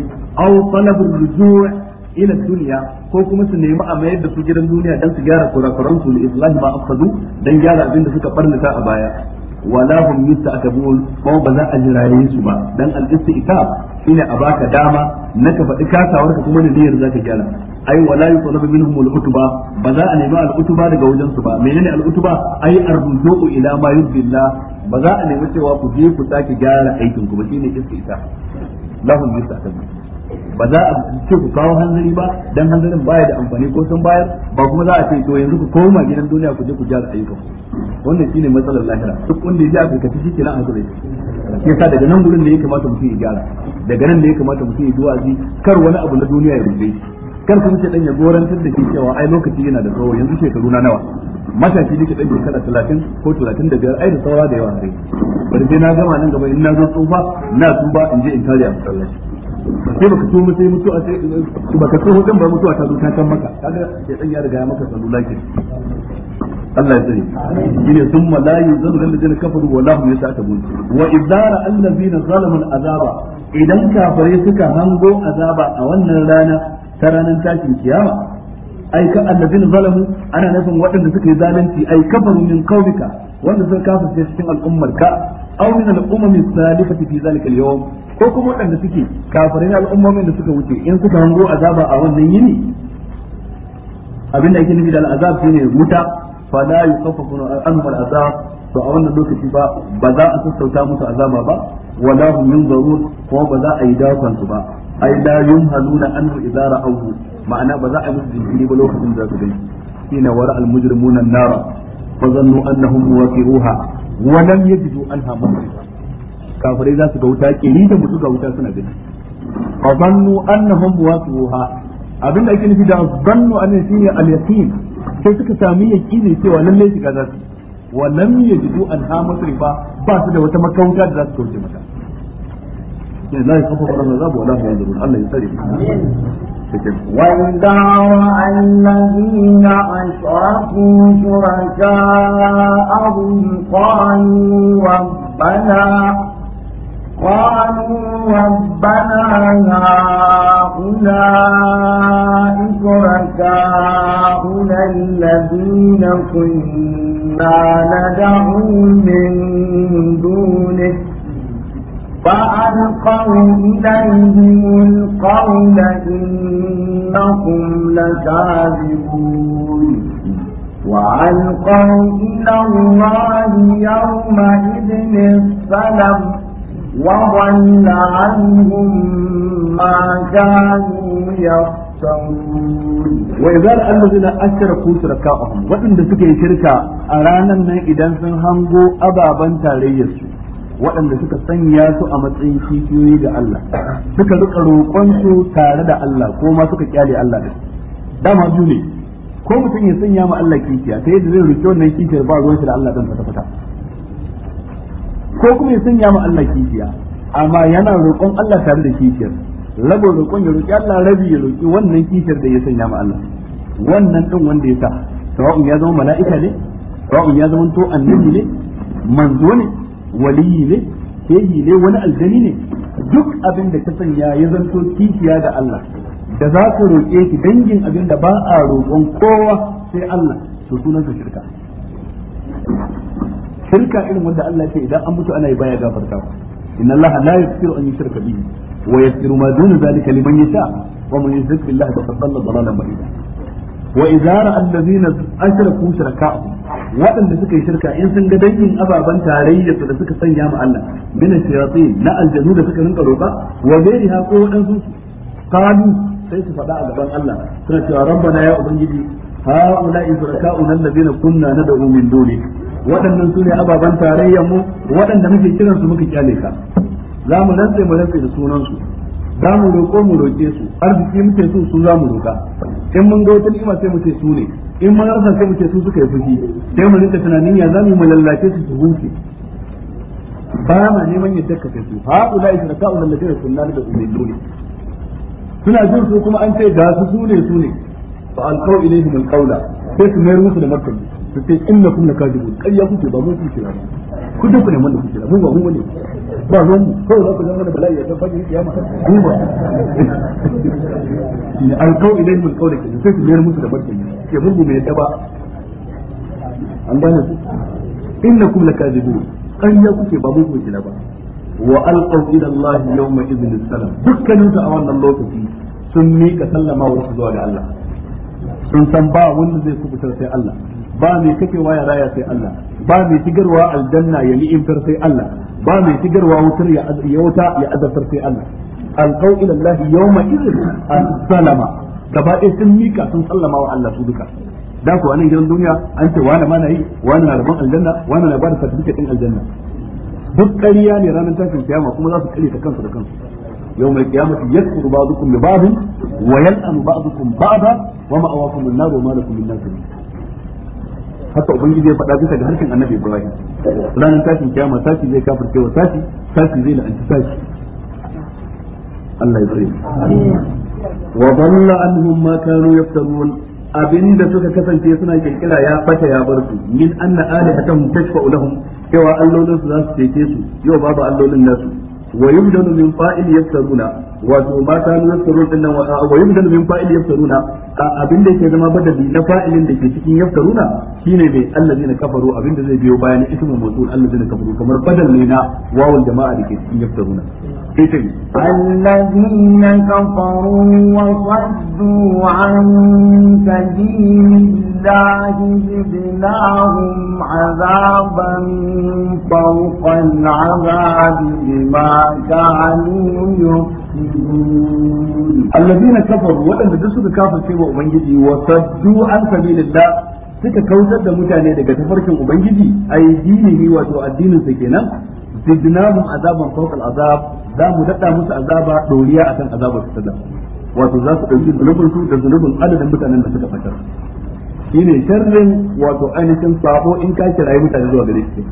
aw talabur rujuu ila duniya ko kuma su nemi a mayar da su gidan duniya dan su gyara kurakuran su islahi ma afsadu dan gyara abin da suka barnata a baya wala hum yusta'tabun ko ba za a jiraye su ba dan al-istiqab shine a baka dama na ka faɗi kasawar ka kuma da niyyar zaka gyara ai wala yutlabu minhum al-utuba ba za a nemi al-utuba daga wajen su ba menene al-utuba ai arzuqu ila ma yubdillah ba za a nemi cewa ku je ku sake gyara aikin ku ba shine istiqab lahum yusta'tabun ba za a ce ku kawo hanzari ba dan hanzarin baya da amfani ko sun bayar ba kuma za a ce to yanzu ku koma gidan duniya ku je ku gyara ayyukan wannan shine matsalar lahira duk wanda ya ji abu kace shike nan hanzari yasa daga nan gurin ne ya kamata mutum ya gyara daga nan ne ya kamata mutum ya ji kar wani abu na duniya ya rufe. shi kar kuma ce dan ya gorantar da shi cewa ai lokaci yana da tsawo yanzu shekaru na nawa matashi nake dan shekara 30 ko 35 ai da saura da yawa hare bari sai na gama nan gaba in na zo tsufa na tsufa in je in tare a masallaci ba sai baka tuhu sai mutuwa sai baka ka tuhu din ba mutuwa ta zo ta kan maka kaga sai dan ya riga ya maka sallu lakin Allah ya tsare shine thumma la zan lil ladina kafaru wa ta yas'atun wa idara allazina zalamu azaba idan kafare suka hango azaba a wannan rana ta ranar tashin kiyama ai ka allazina zalamu ana nufin waɗanda suka yi zalunci ai kafaru min wanda sun kafirce cikin al'ummar ka aw min al'ummi salifati fi zalika al-yawm ko kuma waɗanda suke kafirin al'ummomin da suka wuce in suka hango azaba a wannan yini abinda ake nufi da al'azab shine wuta fa la yukaffafu anhum al'azab to a wannan lokaci ba ba za a sassauta musu azaba ba wala hum yunzarun ko ba za a yi dakansu ba ai la yumhaluna anhu idza auhu, ma'ana ba za a musu jinkiri ba lokacin da su gani shine wara al-mujrimuna an-nara فظنوا أنهم مواقعوها ولم يجدوا عنها مخرجا كافرين ذات قوتا كليدا متوقع قوتا سنة بنا فظنوا أنهم مواقعوها abin da ake nufi da zannu an shine al yaqin sai suka sami yaqini cewa lalle shiga za wa lam yajidu an ha ba su da wata makauta da za su kauce mata ya la yakhafu rabbana wa la yanzuru Allah ya tsare وإذا رأى الذين أشركوا شركاءهم قالوا ربنا قالوا ربنا هؤلاء شركاؤنا الذين كنا ندعو من دونه فألقوا إليهم القول إنهم لكاذبون وألقوا إلى الله يومئذ السلام وضل عنهم ما كانوا يفترون wa izar allazina asharaku shirakahum wadanda suka yi shirka a ranar nan idan sun hango ababan tarayyarsu. waɗanda suka sanya su a matsayin kishiyoyi da Allah suka rika roƙon su tare da Allah ko ma suka kyale Allah da dama biyu ne ko mutum ya sanya ma Allah kishiya ta yadda zai roƙi wannan kishiyar ba ruwan shi da Allah dan fata fata ko kuma ya sanya ma Allah kishiya amma yana roƙon Allah tare da kishiyar rabo roƙon ya roƙi Allah rabi ya roƙi wannan kishiyar da ya sanya ma Allah wannan din wanda ya sa sawa'un ya zama mala'ika ne sawa'un ya zama to annabi ne manzo ne waliyi ne sai ne wani aljani ne duk abin da ta sanya ya zanto kishiya ga Allah da za ka roƙe shi dangin abin da ba a roƙon kowa sai Allah to sunansa shirka shirka irin wanda Allah ce idan an mutu ana yi baya gafarta inna Allah la yaghfiru an yushraka bihi wa yaghfiru ma duna zalika liman yasha wa man yushrik billahi faqad dhalla dhalalan wa idza ra'a allazina ashraku waɗanda suka yi shirka in sun ga dangin ababen tarayyar da suka sanya ma Allah Bina shayatin na aljanu da suka rinka roƙa wa bainaha ko waɗansu qalu sai su faɗa a gaban Allah suna cewa rabbana ya ubangiji ha'ula'i shuraka'una allazina kunna nad'u min dunik waɗannan su ne ababen tarayyar mu waɗanda muke kiransu muka kyale ka za mu rantse mu rantse da sunansu za mu roƙo mu roƙe su arziki muke so su za mu roƙa in mun ga wata ni'ima sai mu ce su ne in mun rasa sai mu ce su suka yi fushi sai mu rinka tunanin ya za mu lallace su su huce ba ma neman ya yadda ka su ha ula israka'u alladhina kunna da dole suna jin su kuma an ce ga su su ne su ne fa alqaw ilayhim alqawla sai su mayar musu da martani su ce innakum lakadibun ƙarya kuke ba mu kuke ba ku duk ku ne mun da kuke ba mu ba mu ne ba ruwan mu kawai za ku zama da bala'i ya san fajin kiyama duba ne alƙau ilai mun kaula ke sai su mayar musu da barkin ke mugu mai yadda ba an gane ku innakum lakazibun ƙarya kuke ba mugu kina ba wa alqaw ila Allah yawma idhin salam dukkanin su a wannan lokaci sun miƙa sallama wa zuwa ga Allah sun san ba wanda zai kubutar sai Allah ba mai kafewa waya raya sai Allah ba mai shigarwa aljanna ya ni'imtar sai Allah ba mai shigarwa wutar ya wuta ya azabtar sai Allah alqau ila Allah yawma idin as-salama gaba ɗaya sun mika sun sallama wa Allah su duka da ku anan gidan duniya an ce wani ma na yi wani na rabon aljanna wani na bada certificate din aljanna duk ƙarya ne ranar tashin kiyama kuma za su kare ta kansu da kansu يوم القيامة يكفر بعضكم ببعض ويلأم بعضكم بعضا ومأواكم النار وما لكم من ناصرين haka ubangiji ya faɗa bisa ga harshen annabi ibrahim ranar tashin kiyama sashi zai kafirce wa sashi sashi zai la'anci sashi Allah ya tsare wa dalla anhum ma kanu yaftarun abinda suka kasance suna kirkira ya bata ya bar su min anna alihatahum tashfa'u lahum cewa allolin su za su cece su yau babu allolin nasu wa yubdanu min fa'il yaftaruna wato ma kanu yaftarun din nan wa yubdanu min fa'il yaftaruna abin da yake zama badali na fa'ilin da ke cikin yaftaruna shine mai allazina kafaru abin da zai biyo bayan ismul mawsul allazina kafaru kamar badal na wawul jama'a da ke cikin yaftaruna الذين كفروا وصدوا عن سبيل الله زدناهم عذابا فوق العذاب بما كانوا يفسدون الذين كفروا وأن دسوا كافر شيء وأبنجي وصدوا عن سبيل الله suka kautar da mutane daga tafarkin ubangiji a yi dinihi wato addinin sa kenan zidnahum azaban fawqa al'azab za mu dada musu azaba doriya akan azabar su da wato za su dauki zulubin su da zulubin adadin mutanen da suka fatar shine sharrin wato ainihin sabo in ka kirayi mutane zuwa gare shi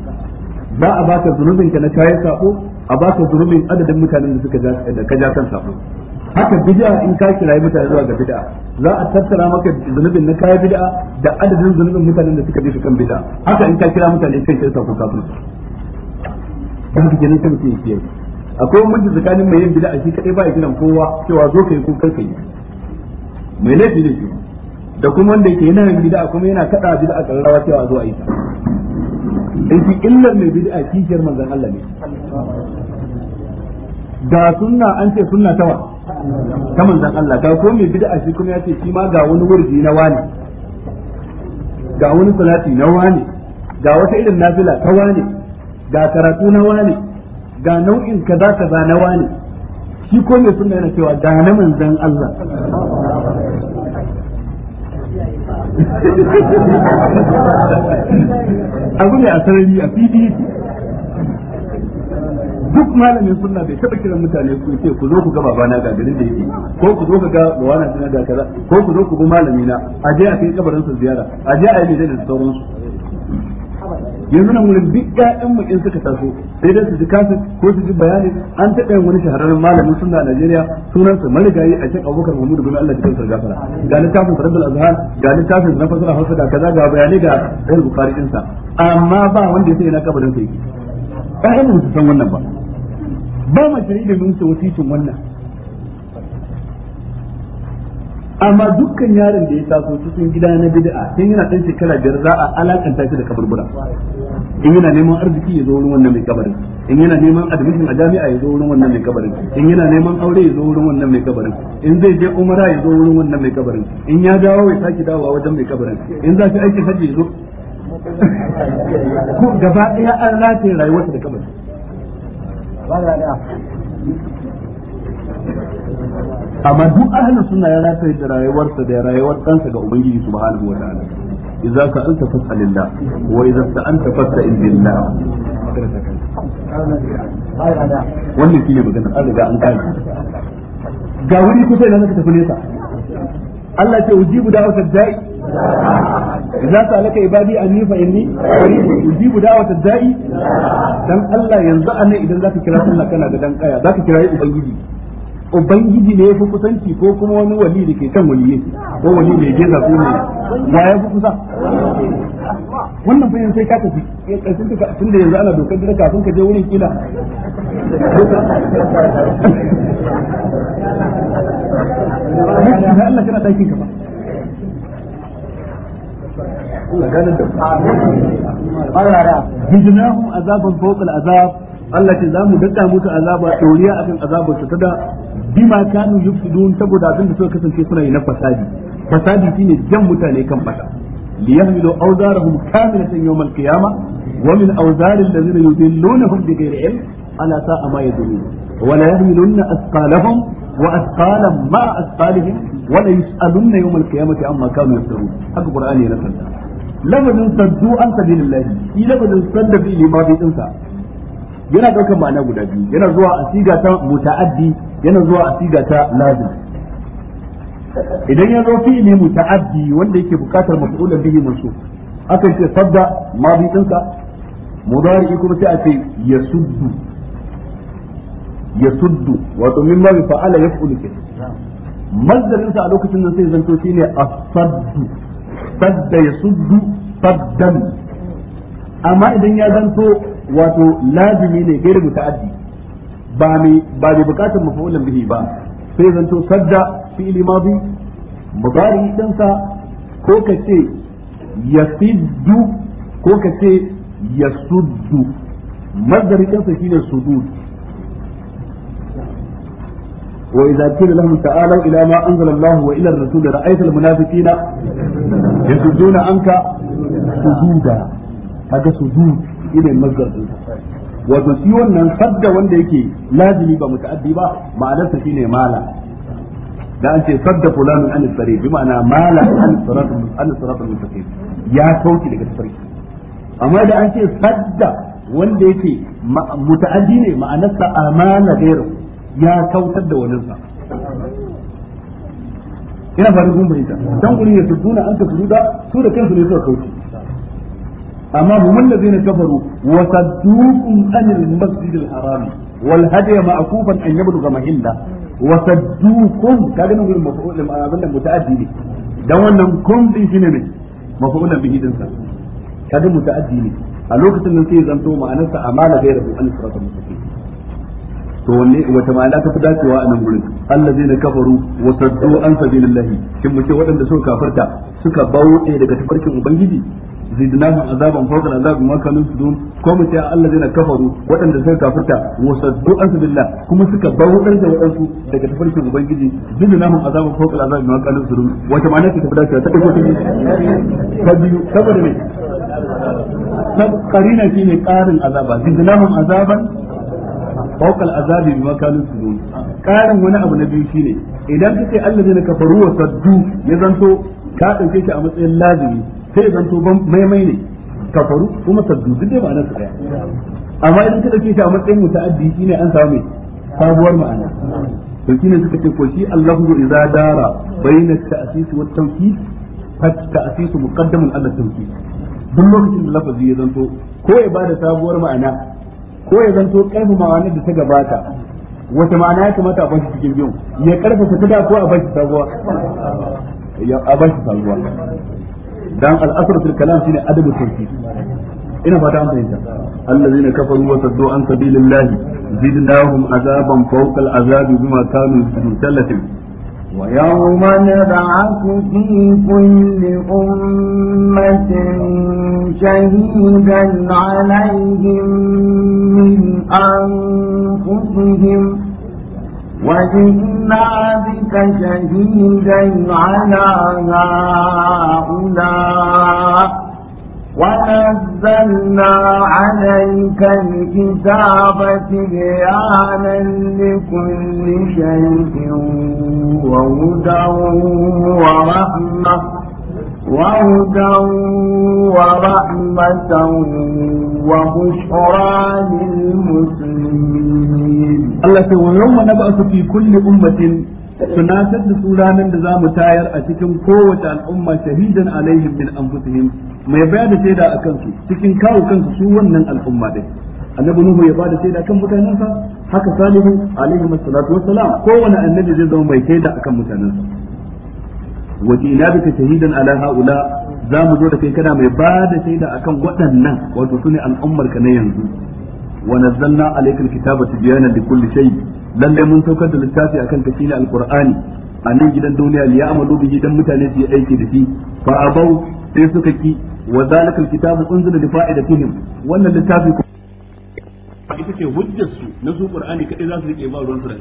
za a baka zulubin ka na kayan sabo a baka zulubin adadin mutanen da suka da ka ja kan sabo haka bid'a in ka kirayi mutane zuwa ga bid'a za a tattara maka zunubin na kayan bid'a da adadin zunubin mutanen da suka bi kan bid'a haka in ka kira mutane kai sai sa ku da haka nan ta mutum ya akwai bambanci tsakanin mai yin bid'a shi kadai ba ya kiran kowa cewa zo kai ko kar kai mai laifi ne shi da kuma wanda yake yana yin bid'a kuma yana kada bid'a karrawa cewa zo a yi ta in shi illar mai bid'a kishiyar manzon Allah ne da sunna an ce sunna tawa ta manzon Allah ga ko mai bid'a shi kuma ya ce shi ma ga wani wurdi na wani ga wani salati na wani ga wata irin nafila ta wani ga karatu na wani ga nau'in za ka na wani shi ko mai suna yana cewa ga na manzan Allah abu ne a sarari a PDP duk malamin suna bai taɓa kiran mutane ku ce ku zo ku gaba bana ga garin da yake ko ku zo ku ga bawana tana ga kaza ko ku zo ku bi malamina a je a kai kabarin su ziyara a je a yi da sauransu yanzu nan wurin duk ƴaƴan mu in suka taso sai dai su ji kafin ko su ji bayani an taɓa yin wani shahararren malamin sunna a Najeriya sunan sa marigayi a cikin Abubakar Mahmud bin Allah cikin sargafara fara ga littafin Rabbul Azhar ga littafin na fasara Hausa da kaza ga bayani ga Sahih bukari din sa amma ba wanda ya sai na kabarin sai ba ƴaƴan mu san wannan ba ba mu ma da mun su wasicin wannan amma dukkan yaron da ya taso cikin gida na bid'a sai yana ɗan shekara biyar za a alakanta shi da kaburbura in yana neman arziki ya zo wurin wannan mai kabarin in yana neman admission a jami'a ya zo wurin wannan mai kabarin in yana neman aure ya zo wurin wannan mai kabarin in zai je umara ya zo wurin wannan mai kabarin in ya dawo ya sake dawowa wajen mai kabarin in za shi aiki hajji ya zo gaba ɗaya an rataye rayuwarsa da kabarin amma duk ahlus sunna ya rasa da rayuwarsa da rayuwar kansa ga ubangiji subhanahu wa ta'ala idza ka anta fas'alillah wa idza ka anta fas'al billah wannan shine magana an riga an kai ga wuri kusa idan ka tafi nesa Allah ce ujibu da'watad da'i idza salaka ibadi anni fa inni qarib ujibu da'watad da'i dan Allah yanzu anan idan zaka kira sallah kana da dan kaya zaka kira ubangiji ubangiji ne ya fi kusanci ko kuma wani wali da ke kan waliye ko wali mai geza ko ne ba ya fi kusa wannan bayan sai ka tafi tun da yanzu ana dokar da kafin ka je wurin kila Allah kana dakin ka ba Allah ganin da Allah ra bijnahum azaban fawqa al-azab Allah ce zamu dadda musu azaba dauriya akan azabar su tada bima kanu yufsidun saboda abin da suka kasance suna yi na fasadi fasadi shine jan mutane kan fata liyahmilu awzarahum kamilatan yawm al-qiyamah wa min awzar alladhina yudillunahum bighayri ilm ala sa'a ma yadulun wa la yahmilunna asqalahum wa asqalan ma asqalihim wa la yus'alunna yawm al-qiyamati amma kanu yaftarun haka qur'ani yana kanta lafazin saddu an sabilillah shi lafazin sadda fi limadi dinsa yana daukar ma'ana guda biyu yana zuwa a siga ta muta'addi yana zuwa a siga ta lazim idan ya zo fi'ili muta'addi wanda yake bukatar maf'ulan bihi mansub akan ce sabda madi dinka mudari kuma sai a ce yasuddu yasuddu wato min ma bi fa'ala yaf'ulu ke mazdarin sa a lokacin nan sai zanto shine as-saddu sadda yasuddu saddan amma idan ya zanto wato lazimi ne gairi muta'addi ba mai ba mai bukatar bihi ba sai zanto sadda fi'li madi mudari din sa ko ka ce yasiddu ko ka ce yasuddu madari din sa shine sudud وإذا قيل لهم تعالوا إلى ما أنزل الله وإلى الرسول رأيت المنافقين يسدون عنك سجودا kaga su biyu irin mazdar din wato shi wannan sadda wanda yake lazimi ba muta'addi ba ma'anarsa shine mala da an ce sadda fulanun an tsare bi ma'ana mala an siratul an siratul mustaqim ya kauce daga tsari amma da an ce sadda wanda yake muta'addi ne ma'anarsa amana gairu ya kautar da wani sa ina fara kun bayyana dan gurin ya tuduna an ka tududa su da kansu ne suka kauce amma mu mun lazina kafaru wa saddukum anil masjidil harami wal hadiya ma'kufan an yabluga mahinda wa saddukum kaga nan gurin maf'ul abin da muta'addi ne dan wannan kun din shine ne maf'ulan bihi din sa kaga muta'addi ne a lokacin nan sai ya zanto ma'anarsa amala bai rabu an sirata mustaqim to wanne wata ma'ana ta fi dacewa a nan gurin kafaru kin mu waɗanda suka suka bauɗe daga tafarkin ubangiji zidnahum azaban fawqa al'azab ma kanu yusdun ko allazina kafaru kafirta wasaddu an billah kuma suka wadansu daga tafarkin ubangiji zidnahum azaban fawqa ma kanu yusdun ma'ana ce ta ta dauko ta biyu saboda ne karina shine karin azaba zidnahum azaban fawqa ma kanu yusdun karin wani abu na biyu shine idan kace allazina kafaru wasaddu ya zanto ka dauke shi a matsayin lazimi sai to ban maimai ne kafaru kuma saddu duk dai ma'anar su daya amma idan ka dauke shi a matsayin muta'addi shine an samu sabuwar ma'ana to shine suka ce ko shi Allah Allahu idza dara baina ta'sis wa tawkid fa ta'sis muqaddamun ala tawkid duk lokacin da lafazi ya zanto ko ya bada sabuwar ma'ana ko ya zanto karfin ma'ana da ta gabata wata ma'ana ya kamata a bashi cikin biyu ya karfafa ta da ko a bashi sabuwa ya a bashi sabuwa dan al fil kalam shine adabu tawfiq ina fata an fahimta allazina kafaru wa saddu an sabilillah zidnahum azaban fawqa al-azab bima kanu yusallitun ويوم نبعث في كل أمة شهيدا عليهم وجئنا بك شهيدا على هؤلاء ونزلنا عليك الكتاب بيانا لكل شيء وهدى ورحمه وهدى ورحمة وبشرى للمسلمين الله ويوم نبعث في كل أمة tunatar da su ranar da za mu tayar a cikin kowace al'umma shahidan alaihim min mai bayar da shaida a kansu cikin kawo wannan al'umma annabi nuhu ya bada shaida kan mutanensa haka salihu alaihi assalatu wassalam kowane annabi zai zama mai shaida akan mutanensa wa ina bika shahidan ala haula za mu zo da kai kana mai ba da shaida akan waɗannan wato sune al'ummar ka na yanzu wa nazzalna alaykal kitaba tibyana likulli shay lalle mun saukar da littafi akan ka shine alqur'ani a nan gidan duniya li ya'malu bihi dan mutane su yi aiki da shi fa abau sai suka ki wa zalikal kitabu unzila li fa'idatihim wannan littafi ita ce hujjar su na su qur'ani kadai za su rike ba ruwan su da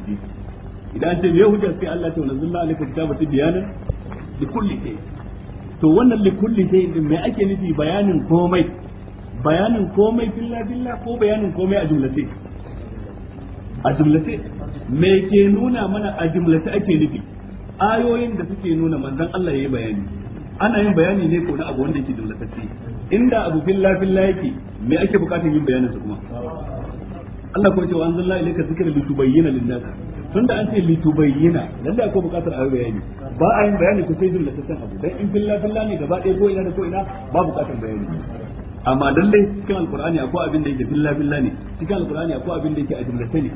idan ce me hujjar sai Allah ta nazzalna alaykal kitaba tibyana li kulli to wannan likulli zai din mai ake nufi bayanin komai bayanin komai billa billa ko bayanin komai a jumlace a jumlace me ke nuna mana a jumlace ake nufi ayoyin da suke nuna manzon Allah yayi bayani ana yin bayani ne ko na abu wanda yake jumlatacce inda abu billa billa yake me ake bukatun yin bayanin su kuma Allah kuma ce wa anzalna ilayka dhikra litubayyana lin-nas tunda an ce litubayyana lalle akwai bukatar a bayani ba a yin bayani ko sai jin lafiyar abu dan in billahi billahi ne gaba ɗaya ko ina da ko ina ba bukatar bayani amma lalle cikin alqur'ani akwai abin da yake billahi billahi ne cikin alqur'ani akwai abin da yake a jumlace ne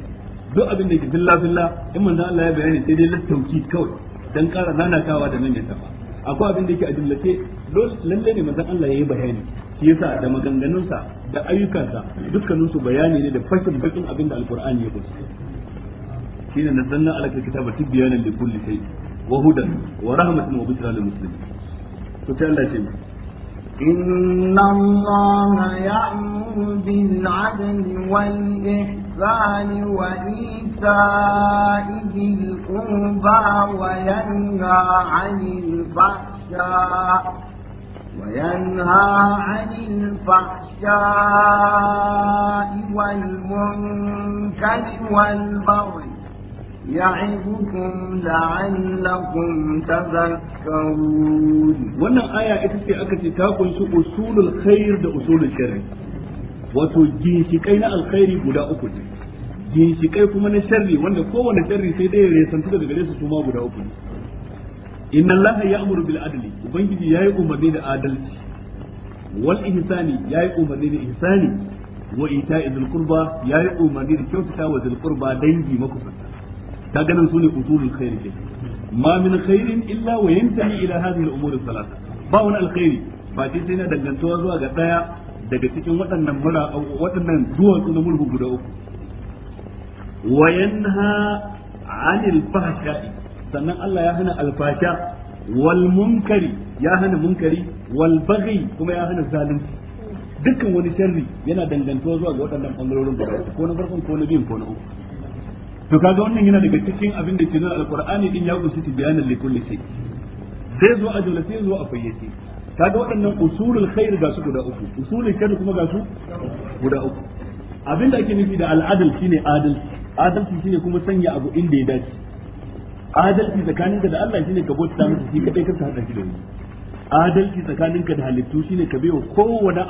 duk abin da yake billahi billahi in manzo Allah ya bayani sai dai lattauki kawai dan ƙara nanatawa da nan ya tafa akwai abin da yake a jumlace lalle ne manzo Allah ya yi bayani shi yasa da maganganunsa da ayyukansa dukkanin su bayani ne da fashin bakin abin da alqur'ani ya kunsa shine nazzalna alaka kitaba tibyanan li kulli shay wa hudan wa rahmatan wa bushra lil muslimin to sai Allah ya ce إن الله يأمر بالعدل والإحسان وإيتاء ذي القربى وينهى عن الفحشاء وينهى عن الفحشاء والمنكر والبغي يعظكم لعلكم تذكرون wannan aya ita ce aka ce ta kunshi usulul khair da wato ginshikai na alkhairi guda uku ne ginshikai kuma na sharri wanda kowane sharri sai dai ya resantu daga gare su su ma guda uku inna allaha ya'muru bil adli ubangiji yayi umarni da adalci wal ihsani yayi umarni da ihsani wa ita'i dhil qurba yayi umarni da kyautata wa dhil qurba dangi makusanta ka ganin sune usulul khair ke ma min khairin illa wa yantahi ila hadhihi al umur al thalatha ba wani alkhairi ba sai sai na dangantuwa zuwa ga daya daga cikin waɗannan mura waɗannan duwatsu na mulhu guda uku wa yanha anil fahsha'i sannan Allah ya hana alfasha wal munkari ya hana munkari wal baghi kuma ya hana zalunci dukkan wani sharri yana dangantuwa zuwa ga waɗannan bangarorin guda ko na farkon ko na biyun ko na uku to kaga wannan yana daga cikin abin da ke nuna alqur'ani din ya kunshi bayanan likulli shay sai zo a jumla sai zo a fayyace kaga waɗannan usulul khair ga su guda uku usulul shar kuma ga su guda uku abin da ake nufi da al'adal shine adalci adalci shine kuma sanya abu inda ya dace adalci tsakaninka da Allah shine ka bauta masa shi kadai kanka hada shi da wani adalci tsakaninka da halittu shine ka baiwa kowane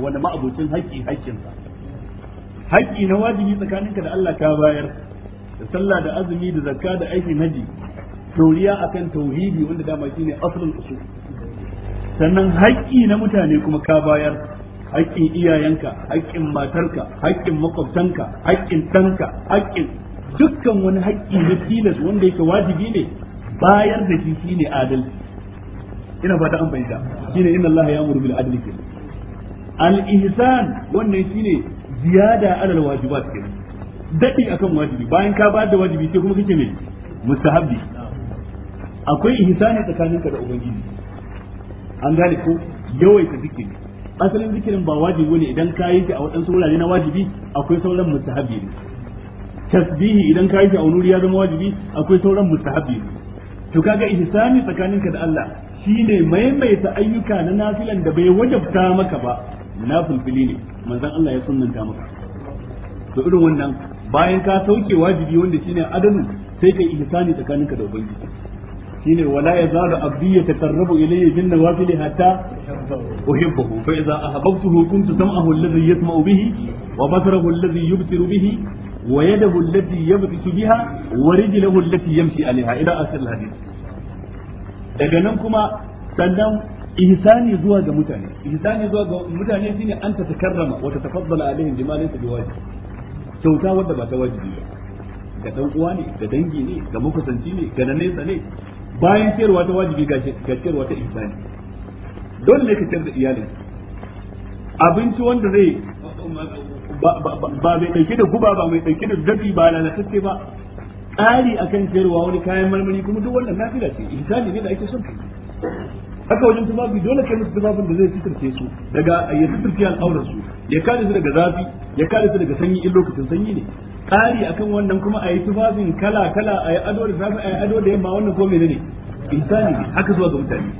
wani ma'abucin haƙƙi haƙƙinsa haƙƙi na wajibi tsakaninka da Allah ka bayar da sallah da azumi da zakka da aikin haji tauriya akan tauhidi wanda dama shine aslul usul sannan haƙƙi na mutane kuma ka bayar haƙƙin iyayenka haƙƙin matarka haƙƙin makwabtanka haƙƙin ɗanka haƙƙin dukkan wani haƙƙi na tilas wanda yake wajibi ne bayar da shi shine adalci ina fata an bayyana shine inna Allah ya amuru bil adli al ihsan wannan shine ziyada alal wajibat kenan dadi akan wajibi bayan ka bayar da wajibi sai kuma kake me mustahabbi akwai ihsani tsakaninka da ubangiji an gane ko yawaita zikiri asalin zikirin ba wajibi ne idan ka yi shi a waɗansu wurare na wajibi akwai sauran mustahabbi ne tasbihi idan ka yi shi a wani ya zama wajibi akwai sauran mustahabi to kaga ihsani tsakaninka da Allah shine maimaita ayyuka na nafilan da bai wajabta maka ba nafilfili ne manzon Allah ya sunnanta maka to irin wannan bayan ka sauke wajibi wanda shine adalu sai kai ihsani tsakaninka da ubangiji shine wala yazalu abdi yataqarrabu ilayya bin nawafil hatta uhibbuhu fa idza ahbabtuhu kuntu sam'ahu alladhi yasma'u bihi wa basarahu alladhi yubsiru bihi wa yadahu allati yabtisu biha wa rijluhu allati yamshi alaiha ila akhir alhadith daga nan kuma sannan ihsani zuwa ga mutane ihsani zuwa ga mutane shine an ta takarrama wa tatafaddala alaihim bima laysa wajibi. kyauta wadda ba ta wajibi ba ga dan uwa ne ga dangi ne ga makusanci ne ga na nesa ne bayan ciyarwa ta wajibi ga ciyarwa ta ihsani dole ne ka ciyar da iyalin abinci wanda zai ba mai dauke da guba ba mai dauke da dabi ba lalatacce ba ƙari kan sayarwa wani kayan marmari kuma duk wannan nafila ce ihsani ne da ake son haka wajen tufafi dole kai musu tufafin da zai suturce su daga ya suturce al'aurar su ya kare su daga zafi ya kare su daga sanyi in lokacin sanyi ne ƙari akan wannan kuma a yi tufafin kala kala a yi ado da safe a yi ado da yamma wannan ko menene insani ne haka zuwa ga mutane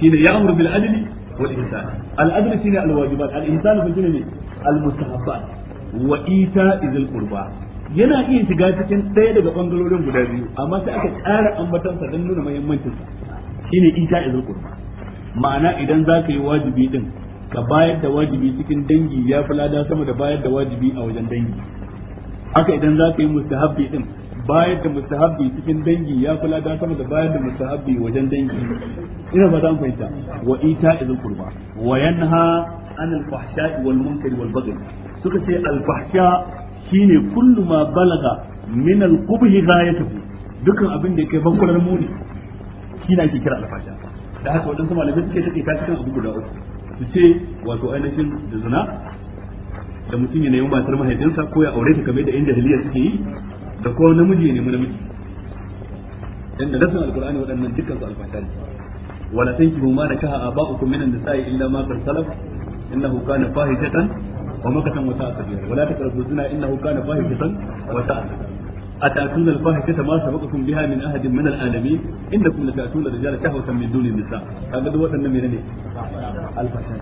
shine ya amru bil adli wal ihsan al adli shine al wajibat al ihsan fa shine al mustahabbat wa ita izil qurba yana iya shiga cikin ɗaya daga bangarorin guda biyu amma sai aka ƙara ambatansa don nuna muhimmancin sa shine ita izil kurba, ma'ana idan za ka yi wajibi din ka bayar da wajibi cikin dangi ya fi lada sama da bayar da wajibi a wajen dangi haka idan za ka yi mustahabbi din bayar da mustahabbi cikin dangi ya fi lada sama da bayar da mustahabbi wajen dangi ina fata an fahimta wa ita izul qurba wa yanha anil fahsha'i wal munkari wal baghi suka ce al shine kullu ma balaga min al ya ghayatuhu dukan abin da yake bankular muni shine ake kira al da haka wadansu malamai suke take ta cikin abu guda uku su ce wato ainihin da zina da mutum ya nemi matar mahaifinsa ko ya aure ta kamar da inda hiliya suke yi da ko namiji ya nemi namiji dan da nasan alqur'ani waɗannan dukkan su al ne wala tankihu ma nakaha aba'ukum min an-nisa'i illa ma qad salaf innahu kana fahijatan wa makatan wa sa'a kabira wala taqrabu zina innahu kana fahishatan أتأتون الفاحشة ما سبقكم بها من أحد من العالمين إنكم لتأتون الرجال شهوة من دون النساء هذا دوة النمي نبي الفاشا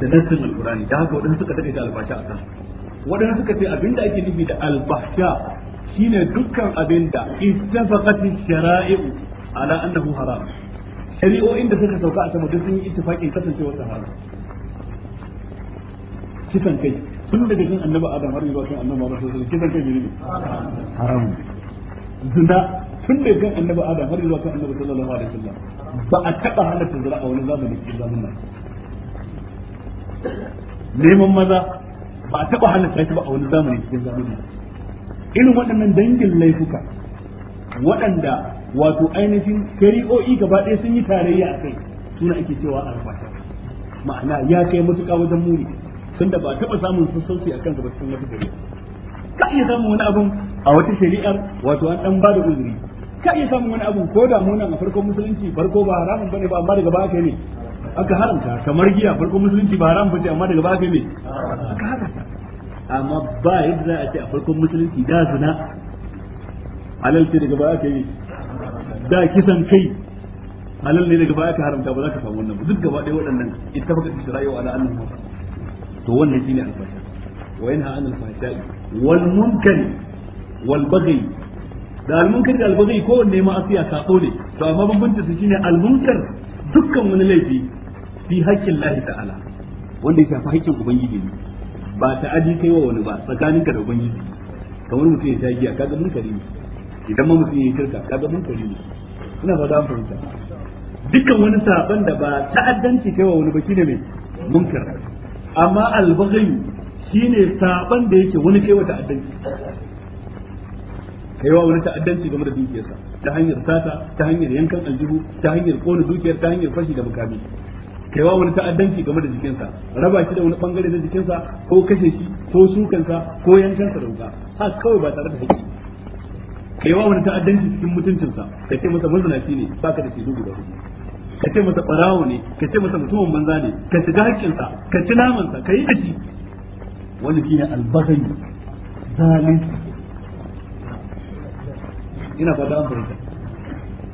da nassin alkurani da haka waɗansu suka taƙaita albasha a kan waɗansu suka ce abinda ake nufi da albasha shine dukkan abinda ittafaqat shara'i'u ala annahu haram shari'o'in da suka sauka a sama kisan kai tun daga jin annabi adam har zuwa kan annabi Muhammad sallallahu kisan kai ne haram zina tun daga kan annabi adam har zuwa kan annabi sallallahu alaihi wasallam ba a taba halatta zira a wani zamani cikin zamanin neman maza ba a taba halatta shi ba a wani zamani cikin zamanin irin waɗannan dangin laifuka waɗanda wato ainihin shari'o'i gaba ɗaya sun yi tarayya a kai suna ake cewa a ma'ana ya kai matuƙa wajen muni tunda ba taba samun sun sassauci akan gaba cikin wata shari'a ka iya samun wani abun a wata shari'ar wato an dan bada uzuri ka iya samun wani abun ko da munan a farkon musulunci farko ba haramun bane ba amma daga baya kai ne aka haramta kamar giya farkon musulunci ba haramun bace amma daga baya kai ne aka haramta amma ba yadda za a ce a farkon musulunci da zina halal ce daga baya kai ne da kisan kai halal ne daga baya ka haramta ba za ka samu wannan duk gaba ɗaya waɗannan ittafaqa shari'a wa ala annahu to wannan shine alfasha wa yanha anil fahsha'i wal munkari wal baghi da almunkar da albaghi ko wanne ma asiya sako ne to amma bambanci su shine almunkar dukkan wani laifi fi haƙƙin Allah ta'ala wanda ya shafi haƙƙin ubangiji ne ba ta'adi kai wa wani ba tsakaninka da ubangiji kamar mutum ya shagiya kaga munkari ne idan ma mutum ya shirka kaga munkari ne ina fata an fahimta dukkan wani saban da ba ta'addanci kai wa wani ba shine mai munkar amma shi shine saban da yake wani kai wa ta'addanci kaiwa wani ta'addanci game da dukiyarsa ta hanyar sata ta hanyar yankan aljihu ta hanyar kona dukiyar ta hanyar fashi da mukami kaiwa wani ta'addanci game da jikinsa raba shi da wani bangare na jikinsa ko kashe shi ko sukansa ko yankansa da wuka ha kawai ba tare da haƙƙi kaiwa wani ta'addanci cikin mutuncinsa ka ce masa shi ne baka da shi dubu da hudu ka ce masa barawo ne ka ce masa mutumin banza ne ka shiga sa ka ci namansa ka yi aji wani shine albagai zalunci ina fata an fahimta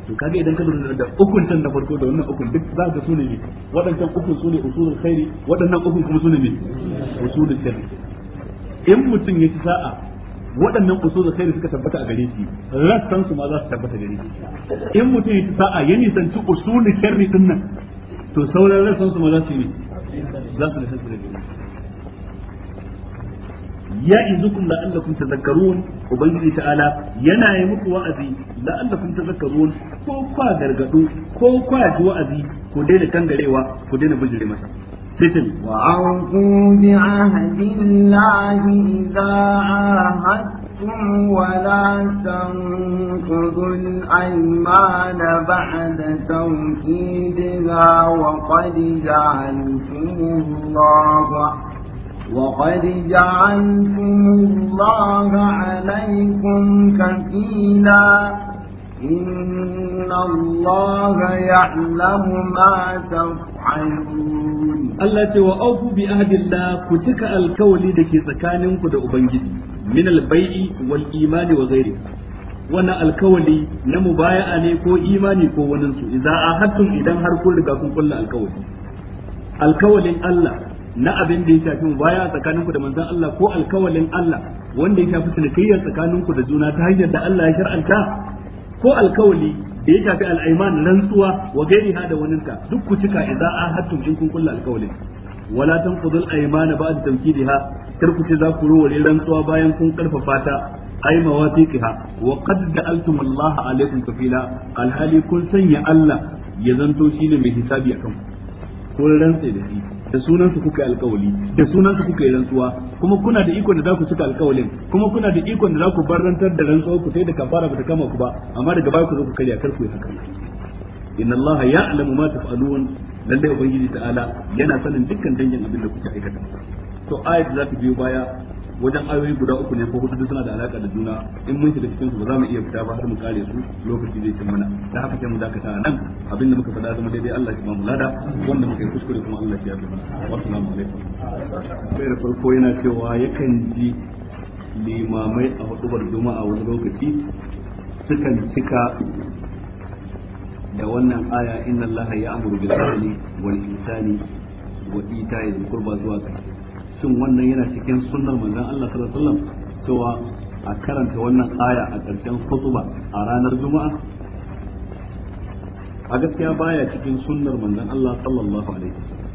to kaga idan ka lura da ukun can da farko da wannan ukun duk za ka sune ne waɗannan ukun sune usulul khairi waɗannan ukun kuma sune ne usulul sharri in mutum ya ci sa'a waɗannan usulul khairi suka tabbata a gare shi rassan su ma za su tabbata gare shi in mutum ya sa'a ya nisanci usulun sharri din nan to sauran rassan su ma za su yi za su nisanci da gare ya izukum la'allakum tadhakkarun ubangiji ta'ala yana yi muku wa'azi la'allakum tadhakkarun ko kwa gargadu ko kwa ji wa'azi ku daina tangarewa ku daina bijire masa ستن وأوفوا بعهد الله إذا عاهدتم ولا تنقضوا الأيمان بعد توكيدها وقد جعلتم الله وقد جعلتم الله عليكم كفيلا إن الله يعلم ما تفعلون الله وأوفوا بأهد الله كتك الكولي دكي سكانين كد أبنجد من البيع والإيمان وغيره wannan alkawali na mubaya'a ne ko imani ko wani su idza ahadtum idan har kun riga kun kulla alkawali alkawalin Allah na abin da ya shafi baya tsakaninku da manzon Allah ko alkawalin Allah wanda ya shafi cinikayya tsakaninku da juna ta hanyar da Allah ya shar'anta ko alkawali da ya tafi al'aiman rantsuwa wa gairi da ka, duk ku cika idza ahadtum in kun kulla alkawalin wala tanqudul aymana ba'da tamkidiha kar ku ce za ku ruwa rantsuwa bayan kun karfafa ta ay mawathiqiha wa qad da'altum Allah alaykum kafila alhali kun sanya Allah ya zanto ne mai hisabi akan ku kun rantsa da shi da sunansu su kuka alkawali da sunan kuka yi rantsuwa kuma kuna da ikon da za ku cika alkawalin kuma kuna da ikon da za ku barrantar da rantsuwa ku sai da kafara bata kama ku ba amma daga baya ku zo ku karya kar ku yi haka inna allaha ya'lamu ma taf'alun lalle ubangiji ta'ala yana sanin dukkan dangin abin da kuke aikata to ayat za ta biyo baya wajen ayoyi guda uku ne ko hudu duk suna da alaka da juna in mun shiga cikin su ba za mu iya fita ba har mu kare su lokaci zai cin mana da haka ka mu dakata nan abinda muka faɗa zama daidai Allah ya ba mu lada wanda muka yi kuskure kuma Allah ya yafe wa assalamu alaikum sai da farko yana cewa yakan ji limamai a hudubar juma'a wani lokaci sukan cika da wannan aya inna allaha ya'muru bil adli wal ihsani wa ita'i dhil qurba zuwa shin wannan yana cikin sunnar manzon Allah sallallahu alaihi wasallam cewa a karanta wannan aya a ƙarshen khutba a ranar juma'a a gaskiya baya cikin sunnar manzon Allah sallallahu alaihi wasallam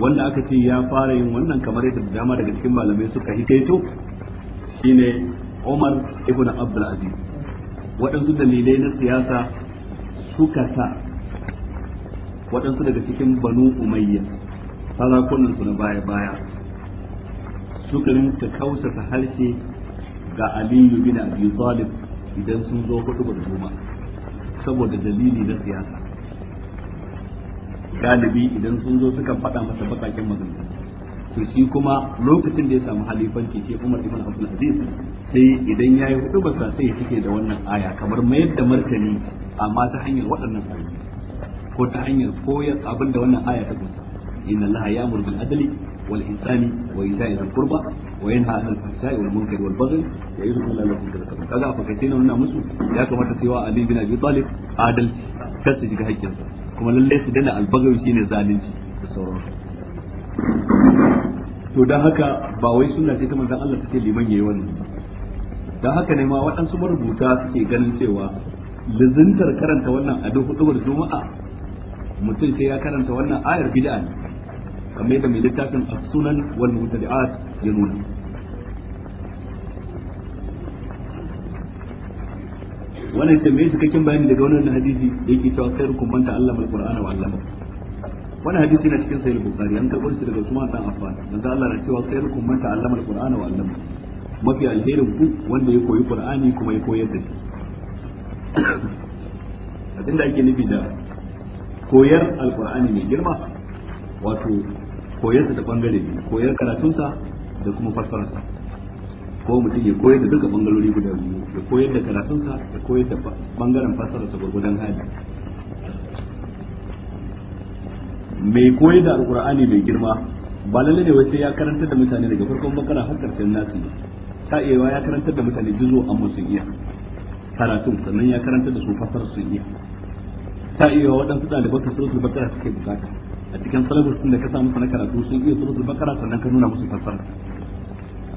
wanda aka ce ya fara yin wannan kamar yadda dama daga cikin malamai suka yi hikaito shine Umar ibn Abdul Aziz waɗansu dalilai na siyasa suka sa waɗansu daga cikin Banu Umayya sarakunan su na baya baya suka rinka kausata harshe ga aliyu bin abi talib idan sun zo hudu ba goma saboda dalili na siyasa galibi idan sun zo suka faɗa masa bakakin maganganu to shi kuma lokacin da ya samu halifanci shi Umar ibn Abdul Aziz sai idan yayi hudu ba sai cike da wannan aya kamar mayar da martani amma ta hanyar waɗannan ayoyi ko ta hanyar koyar abin da wannan aya ta gusa inna allaha ya'muru bil adli wal ihsani wa ita'i dhil qurba wa yanha 'anil fahsai wal munkari wal baghi wa yudhkuru lana fi dhikrikum kaga a fakace ne wannan musu ya kamata sai wa ali bin abi adalci kar su shiga kuma su zalunci da sauransu to dan haka ba wai suna ce ta manzon Allah take liman yayi wannan dan haka ne ma waɗansu marubuta suke ganin cewa lizintar karanta wannan a duk juma'a mutum sai ya karanta wannan ayar bid'a kamar yadda mai littafin a sunan wani wal mutadi'at ya nuna wannan ce mai cikakken bayani daga wannan hadisi yake cewa khairukum man ta'allama al-qur'ana wa 'allama wannan hadisi na cikin sahih bukhari an karbo shi daga Usman dan Affan manzo Allah na cewa khairukum man ta'allama al-qur'ana wa 'allama mafi alherin ku wanda ya koyi qur'ani kuma ya koyar da shi abinda ake nufi da koyar alqur'ani mai girma wato koyarsa da bangare biyu koyar karatunsa da kuma fassararsa ko mutum ya koyar da duka bangarori guda biyu ya koyar da karatunsa ya koyar da bangaren fassararsa gurgudan hali mai koyar da alkur'ani mai girma ba lalle ne wai ya karanta da mutane daga farkon bakara har karshen nasu ta iya ya karanta da mutane jizo amma sun iya karatun sannan ya karanta da su fasar sun iya ta iya waɗansu ɗaliban fasar su bakara suke bukata a cikin salabar sun da ka samu na karatu sun iya suratul bakara sannan ka nuna musu fassara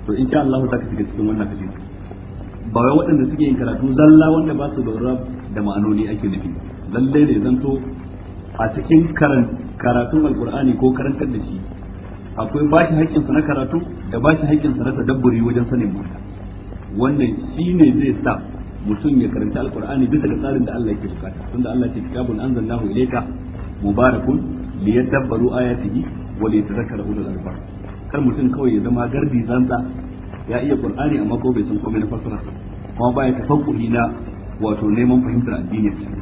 to in sha Allah za ka shiga cikin wannan kashi ba wai waɗanda suke yin karatu zalla wanda ba su da da ma'anoni ake nufi lallai ne zanto a cikin karatun Al-Ƙur'ani ko karantar da shi akwai bashi haƙƙinsa na karatu da bashi haƙƙinsa na tadabburi wajen sanin mota wannan shi ne zai sa mutum ya karanta alkur'ani bisa ga tsarin da Allah yake bukata tunda Allah ya ce kitabun anzalnahu ilayka mubarakun ya yadabbaru ayatihi wa li yatadhakkaru ulul albab kar mutum kawai ya zama gardi zanta ya iya qur'ani amma ko bai san komai na fasara kuma ba ya tafakkuri na wato neman fahimtar addini a cikin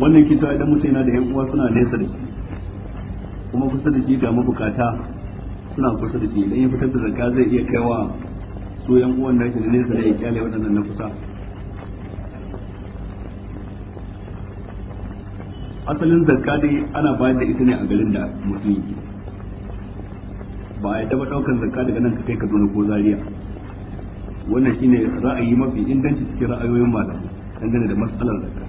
wannan kisa idan mutum yana da yan uwa suna nesa da shi kuma kusa da shi ga mabukata suna kusa da shi idan ya fitar da zakka zai iya kaiwa su yan uwan nashi da nesa da ya kyale waɗannan na kusa asalin zakka dai ana bayar da ita ne a garin da mutum yake ba a taɓa ɗaukar zakka daga nan ka kai kaduna ko zaria wannan shine ra'ayi mafi inganci cikin ra'ayoyin malamai dangane da matsalar zakka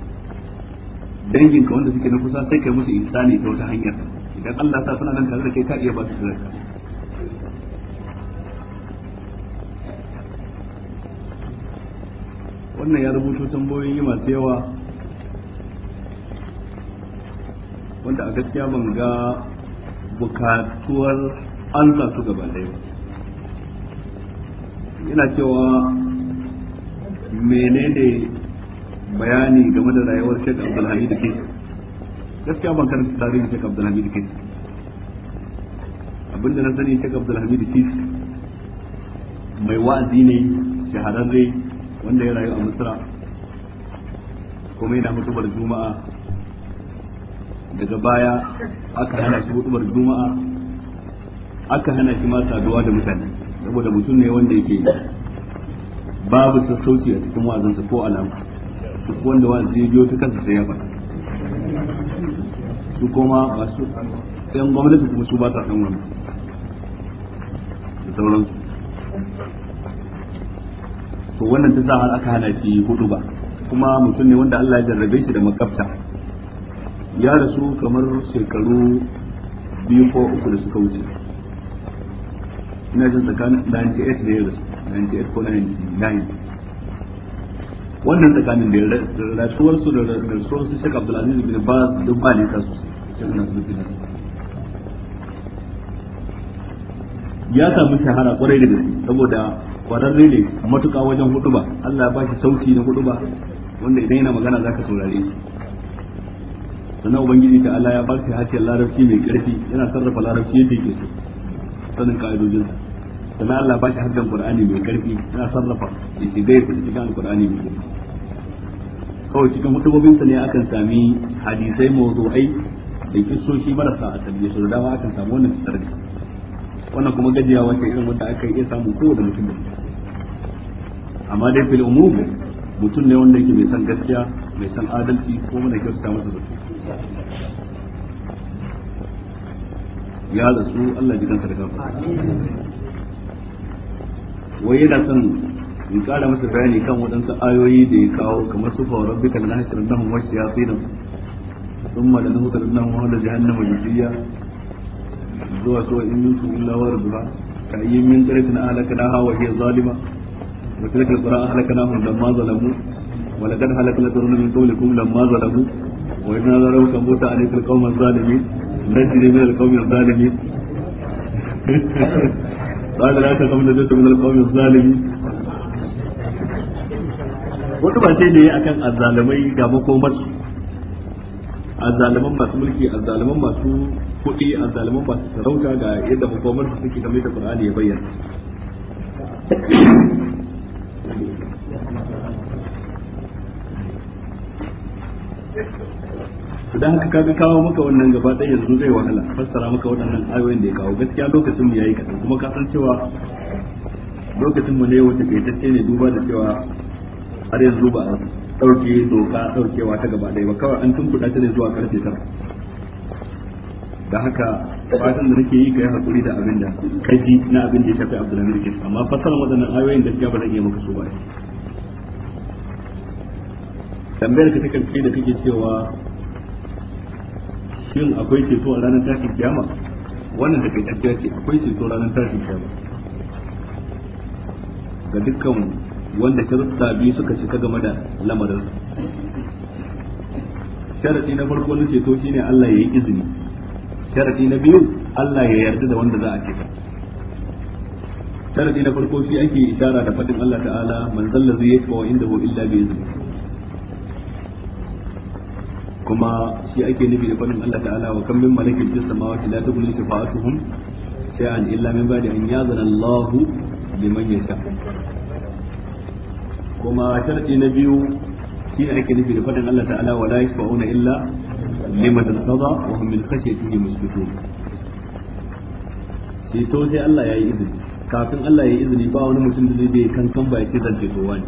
danginka wanda suke na kusa sai kai musu insani ta wata hanyar idan Allah sa suna nan tare da kai ka iya ba su sadaka wannan ya rubuto yi masu yawa wanda a gaskiya ban ga bukatuwar Allah su gaba ɗaya yana cewa menene bayani game da rayuwar shekaru da ke su gaskiya ban karanta tarihin Sheikh Abdul Hamid kai abinda na sani Sheikh Abdul Hamid Tis mai wa'azi ne shahararre wanda ya rayu a Misra kuma yana hutubar Juma'a daga baya aka hana shi hutubar Juma'a aka hana shi ma saduwa da mutane saboda mutum ne wanda yake babu sassauci a cikin wa'azinsa ko alama duk wanda wa'azi ya biyo ta kansa sai ya faɗa su kuma masu yan gwamnati kuma su ba sa san wani da sauransu to wannan ta sa har aka hana shi hudu ba kuma mutum ne wanda Allah ya jarrabe shi da makafta ya rasu kamar shekaru biyu ko uku da suka wuce ina jin tsakanin 98 da ya rasu 98 ko 99 wannan tsakanin da rasuwar su da rasuwar su Sheikh Abdul Aziz bin Baz duk ba ne ta su ya samu shahara kwarai da gaske saboda kwararre ne matuƙa wajen huduba Allah ya bashi sauti na huduba wanda idan yana magana zaka saurare shi sannan ubangiji ta Allah ya ba shi harshen larabci mai karfi yana sarrafa larabci yadda yake so sanin ka'idojin sannan Allah ba shi harshen Qur'ani mai karfi yana sarrafa da shiga ya fita cikin Qur'ani mai karfi kawai cikin hudubobinsa ne akan sami hadisai mawdu'ai da kisoshi marasa a asali su da dama akan samu wannan tsari wannan kuma gajiya wata irin wanda aka iya samu kowane mutum da amma dai fil umum mutum ne wanda yake mai san gaskiya mai san adalci ko mana ta masa zato ya su Allah ji kansa da kafa wai yana san. in kara masa bayani kan waɗansu ayoyi da ya kawo kamar su fa rabbika la nahshur lahum wa shayatin thumma la nahshur lahum wa la jahannama jisiya zuwa so in yusuf illa warduha yi min qaryatin ahlaknaha wa hiya zalima wa tilka alqura ahlaknahum lamma zalamu wa laqad halakna quruna min qablikum lamma zalamu wa idna zarabka musa alayka قال لا تخف نجوت من القوم الظالمين wani ba sai ne akan azzalumai ga makomarsu azzaluman masu mulki azzaluman masu kuɗi azzaluman masu sarauta ga yadda makomarsu suke game da Qur'ani ya bayyana Idan haka kaga kawo maka wannan gaba ɗaya yanzu zai wahala fassara maka waɗannan ayoyin da ya kawo gaskiya lokacin mu yayi kaɗan kuma ka san cewa lokacin mu ne wata kaitacce ne duba da cewa har yanzu ba a ɗauke doka ɗaukewa ta gaba ɗaya ba kawai an tunkuɗa ta ne zuwa karfe tara da haka fatan da nake yi ka yi hakuri da abin da kaji na abin da ya shafi abdulhamid ke amma fasalan waɗannan ayoyin da ba zan iya maka su ba tambayar ka ta karshe da kake cewa shin akwai ceto a ranar tashin kiyama wannan da kai ce akwai ceto ranar tashin kiyama ga dukkan wanda kirista biyu suka shiga game da lamarin sharadi na farko na ceto shine Allah ya yi izini sharadi na biyu Allah ya yarda da wanda za a ceta sharadi na farko shi ake isara da fadin Allah ta'ala man zalla zai yashfa wa indahu illa bi izni kuma shi ake nufi da fadin Allah ta'ala wa kam min malakin fis samawati la tughni shafa'atuhum shay'an illa min ba'di an ya'zana Allahu liman yasha' kuma sharadi na biyu shi ne ake nufi da fadin Allah ta'ala wa la yashfa'una illa liman qada wa hum min khashyatihi musbitun shi to sai Allah ya yi izini kafin Allah ya yi izini ba wani mutum da zai bai kankan ba yake zance to wani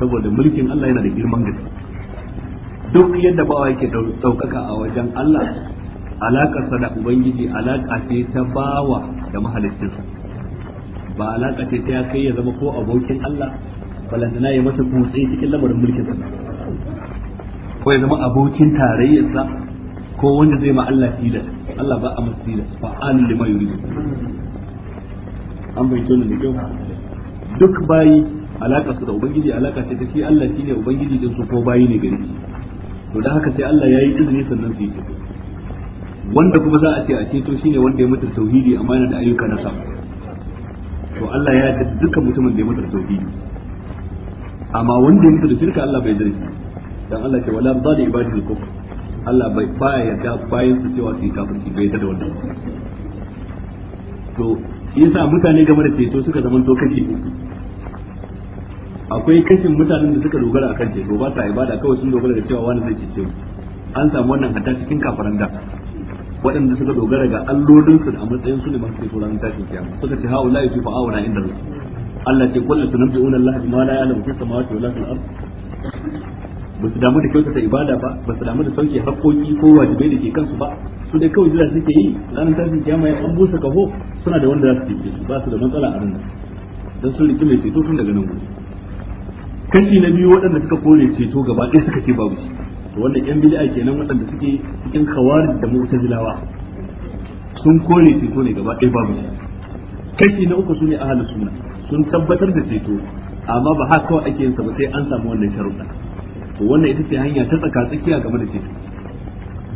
saboda mulkin Allah yana da girman gaske duk yadda bawa yake daukaka a wajen Allah alakarsa da ubangiji alaka ce ta bawa da mahaliccinsa ba alaka ce ta kai ya zama ko abokin Allah balantana ya masa kutse cikin lamarin mulkin sa ko ya zama abokin tarayyarsa ko wanda zai ma Allah tilas Allah ba a masa tilas fa'alun lima yuridu an bai tona da kyau duk bayi alaka su da ubangiji alaka ce ta shi Allah shine ubangiji din su ko bayi ne gari to da haka sai Allah yayi izini sannan su yi wanda kuma za a ce a ceto shine wanda ya mutu tauhidi amma yana da ayyuka na sa to Allah ya yarda dukkan mutumin da ya mutar tauhidi amma wanda ya mutar da shirka Allah bai yarda dan Allah ce wala da ibadil kufr Allah bai baya yarda bayan su cewa su kafirci bai yarda da wannan to yasa mutane game da ceto suka zama to kashi akwai kashin mutanen da suka dogara akan ceto ba sa ibada kawai sun dogara da cewa wani zai cece an samu wannan hatta cikin kafaran da waɗanda suka dogara ga allolinsu da a matsayin su ne masu ke tsoron tashin kiyama suka ce ha'ula ya fi fa'awuna inda rasu Allah ce kullu tunabbi'una Allah bima la ya'lamu fi samawati wa la fil ard ba su damu da kyautata ibada ba ba su damu da sauke haƙoƙi ko wajibai da ke kansu ba su dai kawai jira suke yi ranar tashin kiyama ya an busa kaho suna da wanda za su cece ba su da matsala a ranar dan sun riki mai ceto tun daga nan gudu kashi na biyu waɗanda suka kore ceto gaba ɗaya suka ce babu shi to wannan yan bid'a kenan waɗanda suke cikin khawarij da mu'tazilawa sun kore ceto ne gaba ɗaya babu shi kashi na uku sune ahlus sunna sun tabbatar da ceto amma ba haka kawai ake yin sa ba sai an samu wannan sharuɗa to wannan ita ce hanya ta tsaka tsakiya game da ceto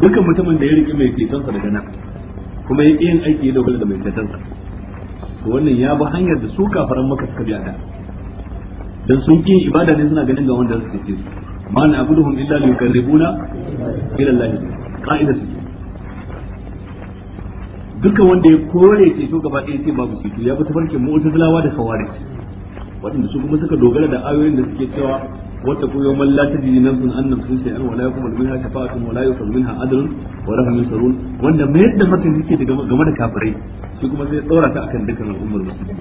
dukkan mutumin da ya riƙe mai ceton sa daga nan kuma ya yin aiki da dogara da mai ceton sa to wannan ya bi hanyar da su kafaran maka suka bi a da dan sun yi ibada ne suna ganin ga wanda suke ce su ma na إلا illa إلى الله قائد Allah duka wanda ya kore ce to gaba ɗaya ce babu shi ya bi tafarkin mu'tazilawa da khawarij waɗanda su kuma suka dogara da ayoyin da suke cewa wata ku yau sun annan sun nafsun an nafsun shay'an wala yakum minha shafa'atun wala yuqbal minha adlun wa lahum yusrun wanda mai yadda mutum yake daga game da kafirai shi kuma zai tsora ta akan dukkan al'ummar musulmi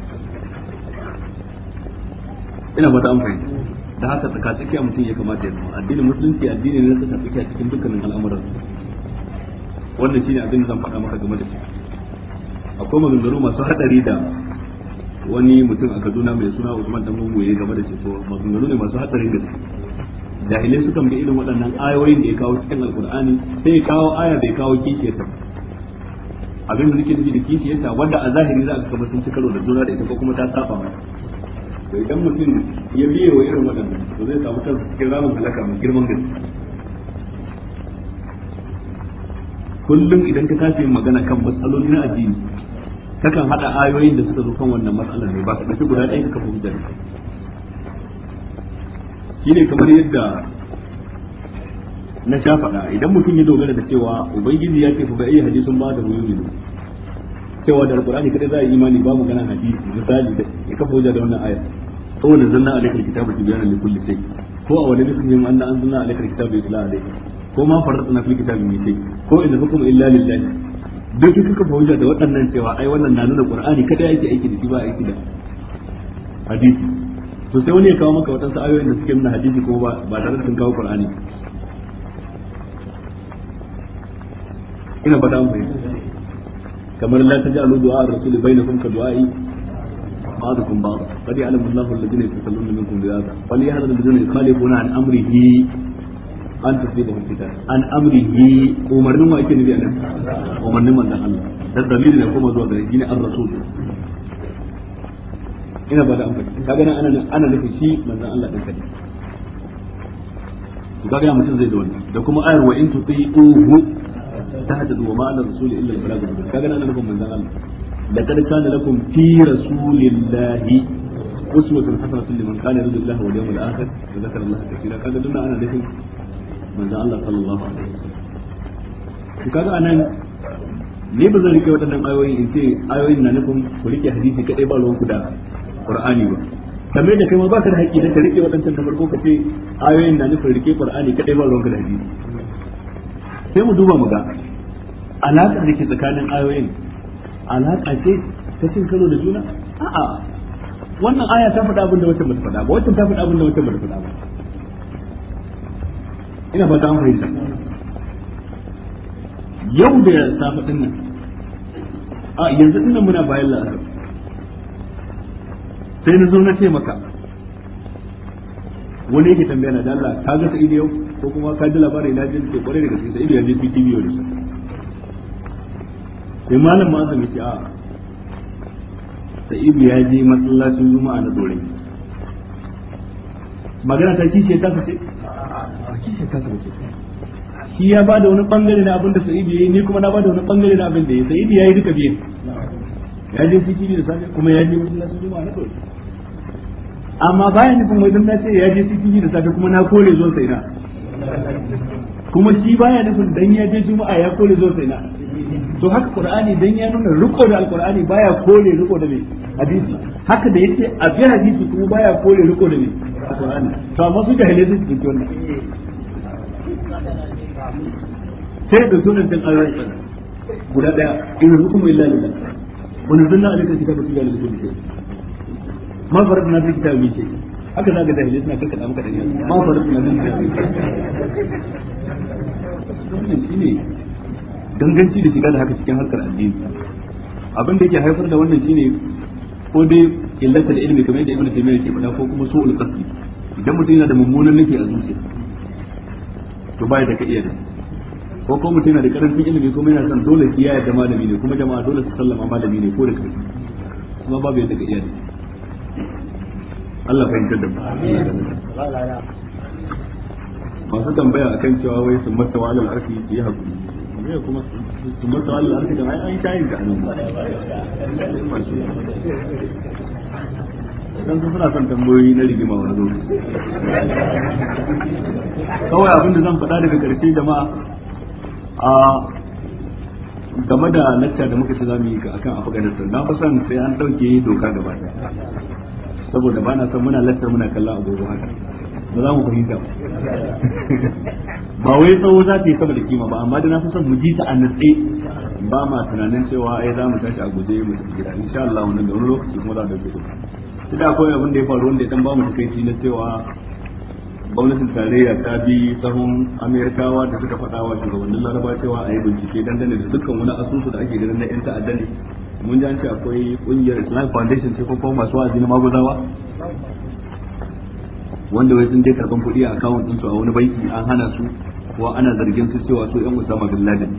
ina mata amfani da haka tsaka tsakiya mutum ya kamata ya zama addinin musulunci addini ne na tsaka tsakiya cikin dukkanin al'amuran wannan shine abin da zan faɗa maka game da shi akwai maganganu masu hadari da wani mutum a Kaduna mai suna Usman dan Mugu ya game da shi to maganganu ne masu hadarin gaske jahilai sukan ga irin waɗannan ayoyin da ya kawo cikin alkur'ani sai ya kawo aya da ya kawo kishiyarta abin da nake nufi da kishiyarta wanda a zahiri za a ga kamar sun ci karo da juna da ita ko kuma ta saba mai da idan mutum ya biye wa irin waɗannan to zai samu kansa cikin ramin halaka mai girman gani kullum idan ka tashi magana kan matsaloli na addini kakan hada ayoyin da suka zo kan wannan matsalar ne ba ka ɗauki guda ɗaya ka fahimta da shi ne kamar yadda na sha faɗa idan mutum ya dogara da cewa ubangiji ya ce fa bai hadisin ba da muyuminu cewa da alƙur'ani kada za a yi imani babu ganin hadisi misali da ya kafa hujja da wannan ayar zanna aw nazzalna alayka biyar tibyana likulli shay ko a aw lam yakun yamma anna anzalna alayka alkitaba yutla alayka ko ma farratna fil kitabi min shay ko in hukum illa lillah duk suka fahimta da waɗannan cewa ai wannan na nuna qur'ani kada yake aiki da shi ba aiki da hadisi to sai wani ya kawo maka waɗansu ayoyin da suke nuna hadisi ko ba ba tare da sun kawo qur'ani ina faɗa mu kamar la tajalu du'a na bainakum ka du'a'i بعضكم بعضا قد يعلم الله الذين يتسللون منكم بذاته فليحذر الذين يخالفون عن امره an tasbihahum fitan an amrihi umarnin wa ake nufi anan umarnin manzon Allah da dalilin da kuma zuwa ina ba da amfani kaga nan ana ana nufin shi manzon Allah din kadai to kaga mutum zai da wannan da kuma ayar wa in tuti'uhu tahtadu wa ma rasuli illa al-balagh kaga nan ana nufin manzon Allah لقد كان لكم في رسول الله hasanatun حسنة لمن كان Allah الله واليوم الآخر وذكر الله Allah قال kaga أنا لكم من جعل الله صلى الله عليه وسلم وكذا أنا ne ba zan rike waɗannan ayoyi in ce ayoyin na nufin ku rike hadisi kaɗai ba ba kamar da kai ma ba ka da haƙƙi da ka rike waɗancan da farko ka ce ayoyin na nufin rike Qur'ani kaɗai ba ruwanku da hadisi sai mu duba mu ga alaƙar da ke tsakanin ayoyin alaka ce ta cin karo da juna a'a wannan aya ta faɗa abin da wacce bata faɗa ba wacce ta faɗa abin da wacce bata faɗa ba ina fata an fahimta yau da ya safe din nan a yanzu din nan muna bayan la'asar sai na zo na ce maka wani yake tambaya na da Allah ka ga sa'idi yau ko kuma ka ji labarin na jin ke kwarai da gaske sa'idi ya je PTV yau da safe sai malam ma zama ce a sa'ibu ya je masallacin juma'a na dorai magana ta kishe ta a kishe ta ce shi ya ba da wani bangare na abin da sa'ibu ya yi ni kuma na ba da wani bangare na abin da ya sa'ibu ya yi duka biyan ya je sikiri da safe kuma ya je masallacin juma'a na dorai amma bayan nufin wajen na ce ya je sikiri da safe kuma na kore zuwa sai na kuma shi baya nufin dan ya je juma'a ya kore zuwa sai na to haka qur'ani dan ya nuna riko da alqur'ani baya kore riko da me hadisi haka da yace a bi hadisi kuma baya kore riko da me alqur'ani to amma su jahilai su cikin wannan sai da sunan din ayoyi guda daya in hukum illa lillah wa nazzalna alayka kitaba tijala li da shay ma faradna na kitabi min ce haka zaga da hadisi na kanka da ma na fi kitabi min shay ganganci da shiga da haka cikin harkar addini abin da yake haifar da wannan shine ko dai illata da ilimi kamar yadda ibnu taymiya yake faɗa ko kuma su'ul qasdi idan mutum yana da mummunan nake a zuciya to baya da ka iya da ko ko mutum yana da karancin ilimi kuma yana son dole ki yaya da malami ne kuma jama'a dole su sallama malami ne ko da kai kuma babu yadda ka iya da Allah fahimtar da mu masu tambaya akan cewa wai sun mata wa alal arshi yi hakuri me kuma kuma tawalli arshi da mai an kayin dan su suna son tambayoyi na rigima wani zo kawai abin da zan faɗa daga ƙarshe jama'a a game da lacca da muka ci za mu yi akan afganistan na kusan sai an ɗauke doka gaba ɗaya saboda ba na son muna lacca muna kallon agogo haka ba za mu fahimta ba ba wai tsawo za ta yi sama da kima ba amma da na fi son mu ji ta a natse ba ma tunanin cewa ai za mu tashi a guje mu tafi gida insha Allah wannan da wani lokaci kuma za mu dauke shi da akwai abin da ya faru wanda ya dan ba mu takaici na cewa gwamnatin tarayya ta bi sahun amerikawa da suka faɗa wa shugabannin laraba cewa a yi bincike dangane da dukkan wani asusu da ake ganin na yan ta'adda ne mun ji an ce akwai kungiyar islam foundation ce ko kuma masu wa'azi na maguzawa wanda wai sun je karban kuɗi a akawun ɗinsu a wani banki an hana su ko ana zargin su cewa su ƴan Usama bin Laden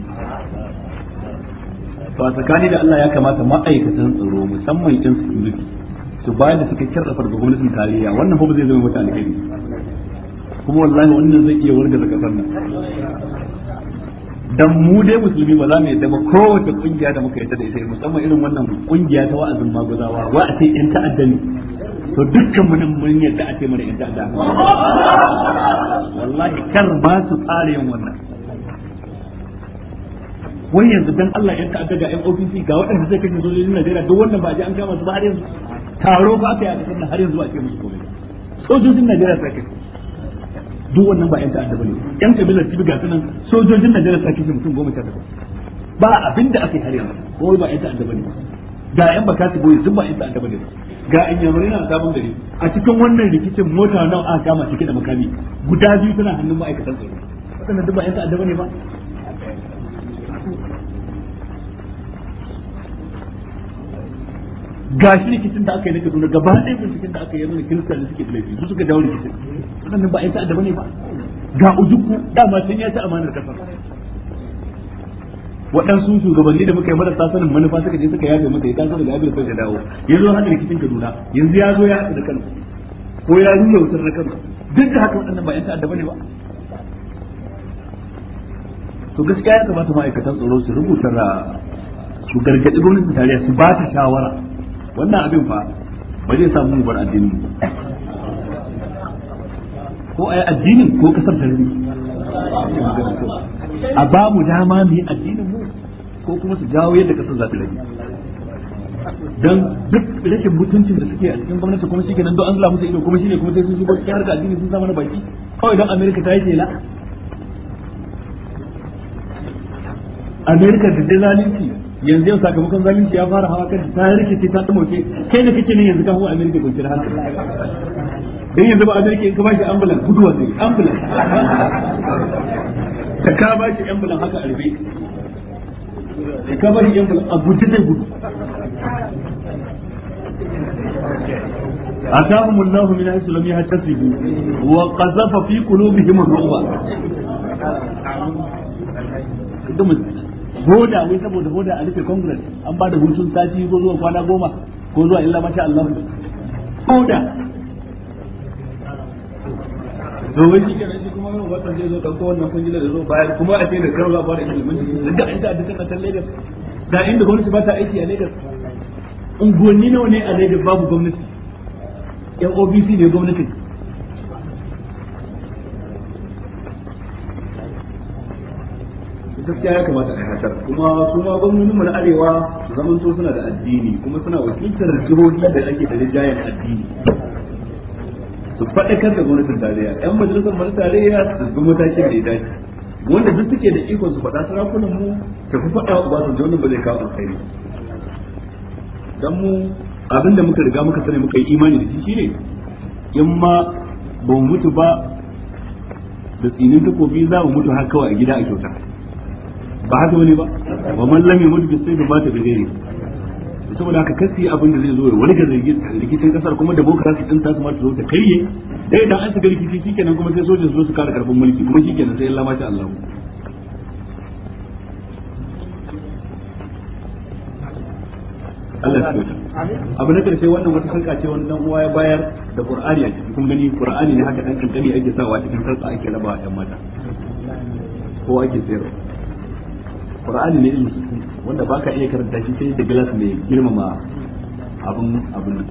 ba tsakani da Allah ya kamata ma'aikatan tsaro musamman yan security su bayar da cikakken rafar ga gwamnatin tarayya wannan ba zai zama mata alheri kuma wallahi wannan zai iya wargaza kasar nan dan mu dai musulmi ba za mu yadda ba kowace kungiya da muka yadda da ita musamman irin wannan kungiya ta wa'azin maguzawa wa a ce yan ta'adda ne to dukkan mun mun yadda a mana yadda da wallahi kar ba su tsara yin wannan wai yanzu dan Allah yan ta'adda ga yan OPC ga waɗanda zai kashe sojojin Najeriya duk wannan ba a ji an kama su ba har yanzu taro ba ta yi a har yanzu ba a ce musu komai sojojin Najeriya sai kashe duk wannan ba yan ta'adda bane yan kabilar tibi ga sunan sojojin Najeriya sai kashe mutum goma sha takwas ba abinda aka yi har yanzu ko ba yan ta'adda bane ga yan bakati boye duk ba yan ta'adda bane ga inyamurai na sabon gari a cikin wannan rikicin mota nan a kama cike da makami guda biyu suna hannun ma'aikatan tsaro waɗannan duk ba yan ta'adda ne ba ga shi rikicin da aka yi na Kaduna gaba ɗaya binciken da aka yi na kirista da suke da laifi su suka dawo rikicin waɗannan ba yan ta'adda ne ba ga uzuku dama sun ya ci amanar kasar waɗansu shugabanni da muka yi marasa sanin manufa suka je suka yafe masa ya taso da abin sai ya dawo ya zo haka rikicin Kaduna yanzu ya zo ya haɗa da Kano ko ya yi wutar na Kano duk da haka waɗannan ba 'yan ta'adda bane ba to gaskiya ya kamata ma'aikatan tsaro su rubuta su gargaɗi gwamnatin tarayya su ba ta shawara wannan abin fa ba zai samu mu bar addinin ko ai addinin ko kasar tarihi a ba mu dama mu yi addinin mu ko kuma su jawo yadda kasar za ta rage dan duk rashin mutuncin da suke a cikin gwamnati kuma shi kenan don an zula musu ido kuma shine kuma sai sun shigo cikin harkar addini sun zama na baki kawai don amerika ta yi tela amerika da dai zalunci yanzu yau sakamakon zalunci ya fara hawa kan ta rikice ta tsamoke kai ne kake ne yanzu ka hawa amerika da hankali dan yanzu ba amerika in ka bashi ambulan guduwa zai ambulan ta ka bashi ambulan haka arbe da ka bari yan bula a guje zai gudu atahum Allahu min haythu lam yahtasibu wa qazafa fi qulubihim ar-ru'ba boda saboda boda a rufe congress an ba da hutun sati ko zuwa kwana goma ko zuwa illa masha Allah to wai shi kenan shi kuma wata zai zo dauko wannan kungilar da zo bayar kuma a ce da karo za a bada ilimin da inda da kana tan Lagos da inda gwamnati ba ta aiki a Lagos unguwanni nawa ne a Lagos babu gwamnati yan OBC ne gwamnati gaskiya ya kamata a hatar kuma su ma gwamnonin mu na arewa zamanto suna da addini kuma suna wakiltar jihohi da ake da rijayen addini su faɗakar da gwamnatin tarayya yan majalisar mana tarayya su bi matakin da ya dace wanda duk suke da ikon su faɗa sarakunan mu ta fi faɗa ba su jonin ba zai kawo alkhairi dan mu abin da muka riga muka sani muka yi imani da shi shine in ma ba mu mutu ba da tsinin takobi za mu mutu har kawai a gida a kyauta ba haka wani ba wa mallami mutu bisai ba ta gare bi saboda haka kasi abin da zai zo ya wani ga rikicin kasar kuma demokrasi din ta ma ta zo ta karye dai da an shiga rikici shikenan kuma sai sojin zo su kara karfin mulki kuma shikenan sai Allah masha Allah Allah ya abu na karshe wannan wata sarka ce wani dan uwa ya bayar da Qur'ani a cikin gani Qur'ani ne haka dan kankani ake sawa cikin sarka ake raba wa mata ko ake sayarwa Qur'ani ne ilmi wanda ba ka iya karanta shi sai da glass mai girmama abin abin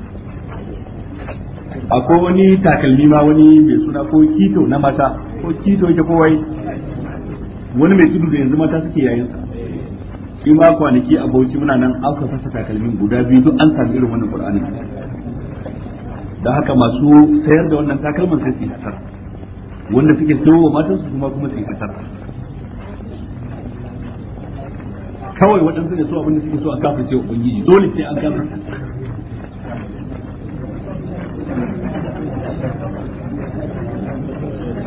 akwai wani takalmi ma wani mai suna ko kito na mata ko kito yake kowai wani mai tudu da yanzu mata suke yayin sa shi ma kwanaki a bauchi muna nan aka fasa takalmin guda biyu duk an sami irin wannan qur'ani da haka masu sayar da wannan takalman sai su yi wanda suke sayo wa matansu kuma kuma su yi kawai waɗansu ne so abin suke so a kafirce wa ubangiji dole sai an kafirce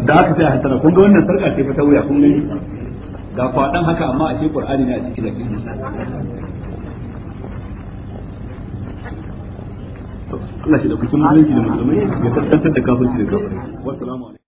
da aka sai hasara kun ga wannan sarka ce fa ta wuya kun gani ga kwadan haka amma a cikin qur'ani ne a cikin da cikin Allah shi da kucin musulunci da musulmai ya tattantar da kafirci da kafirai wassalamu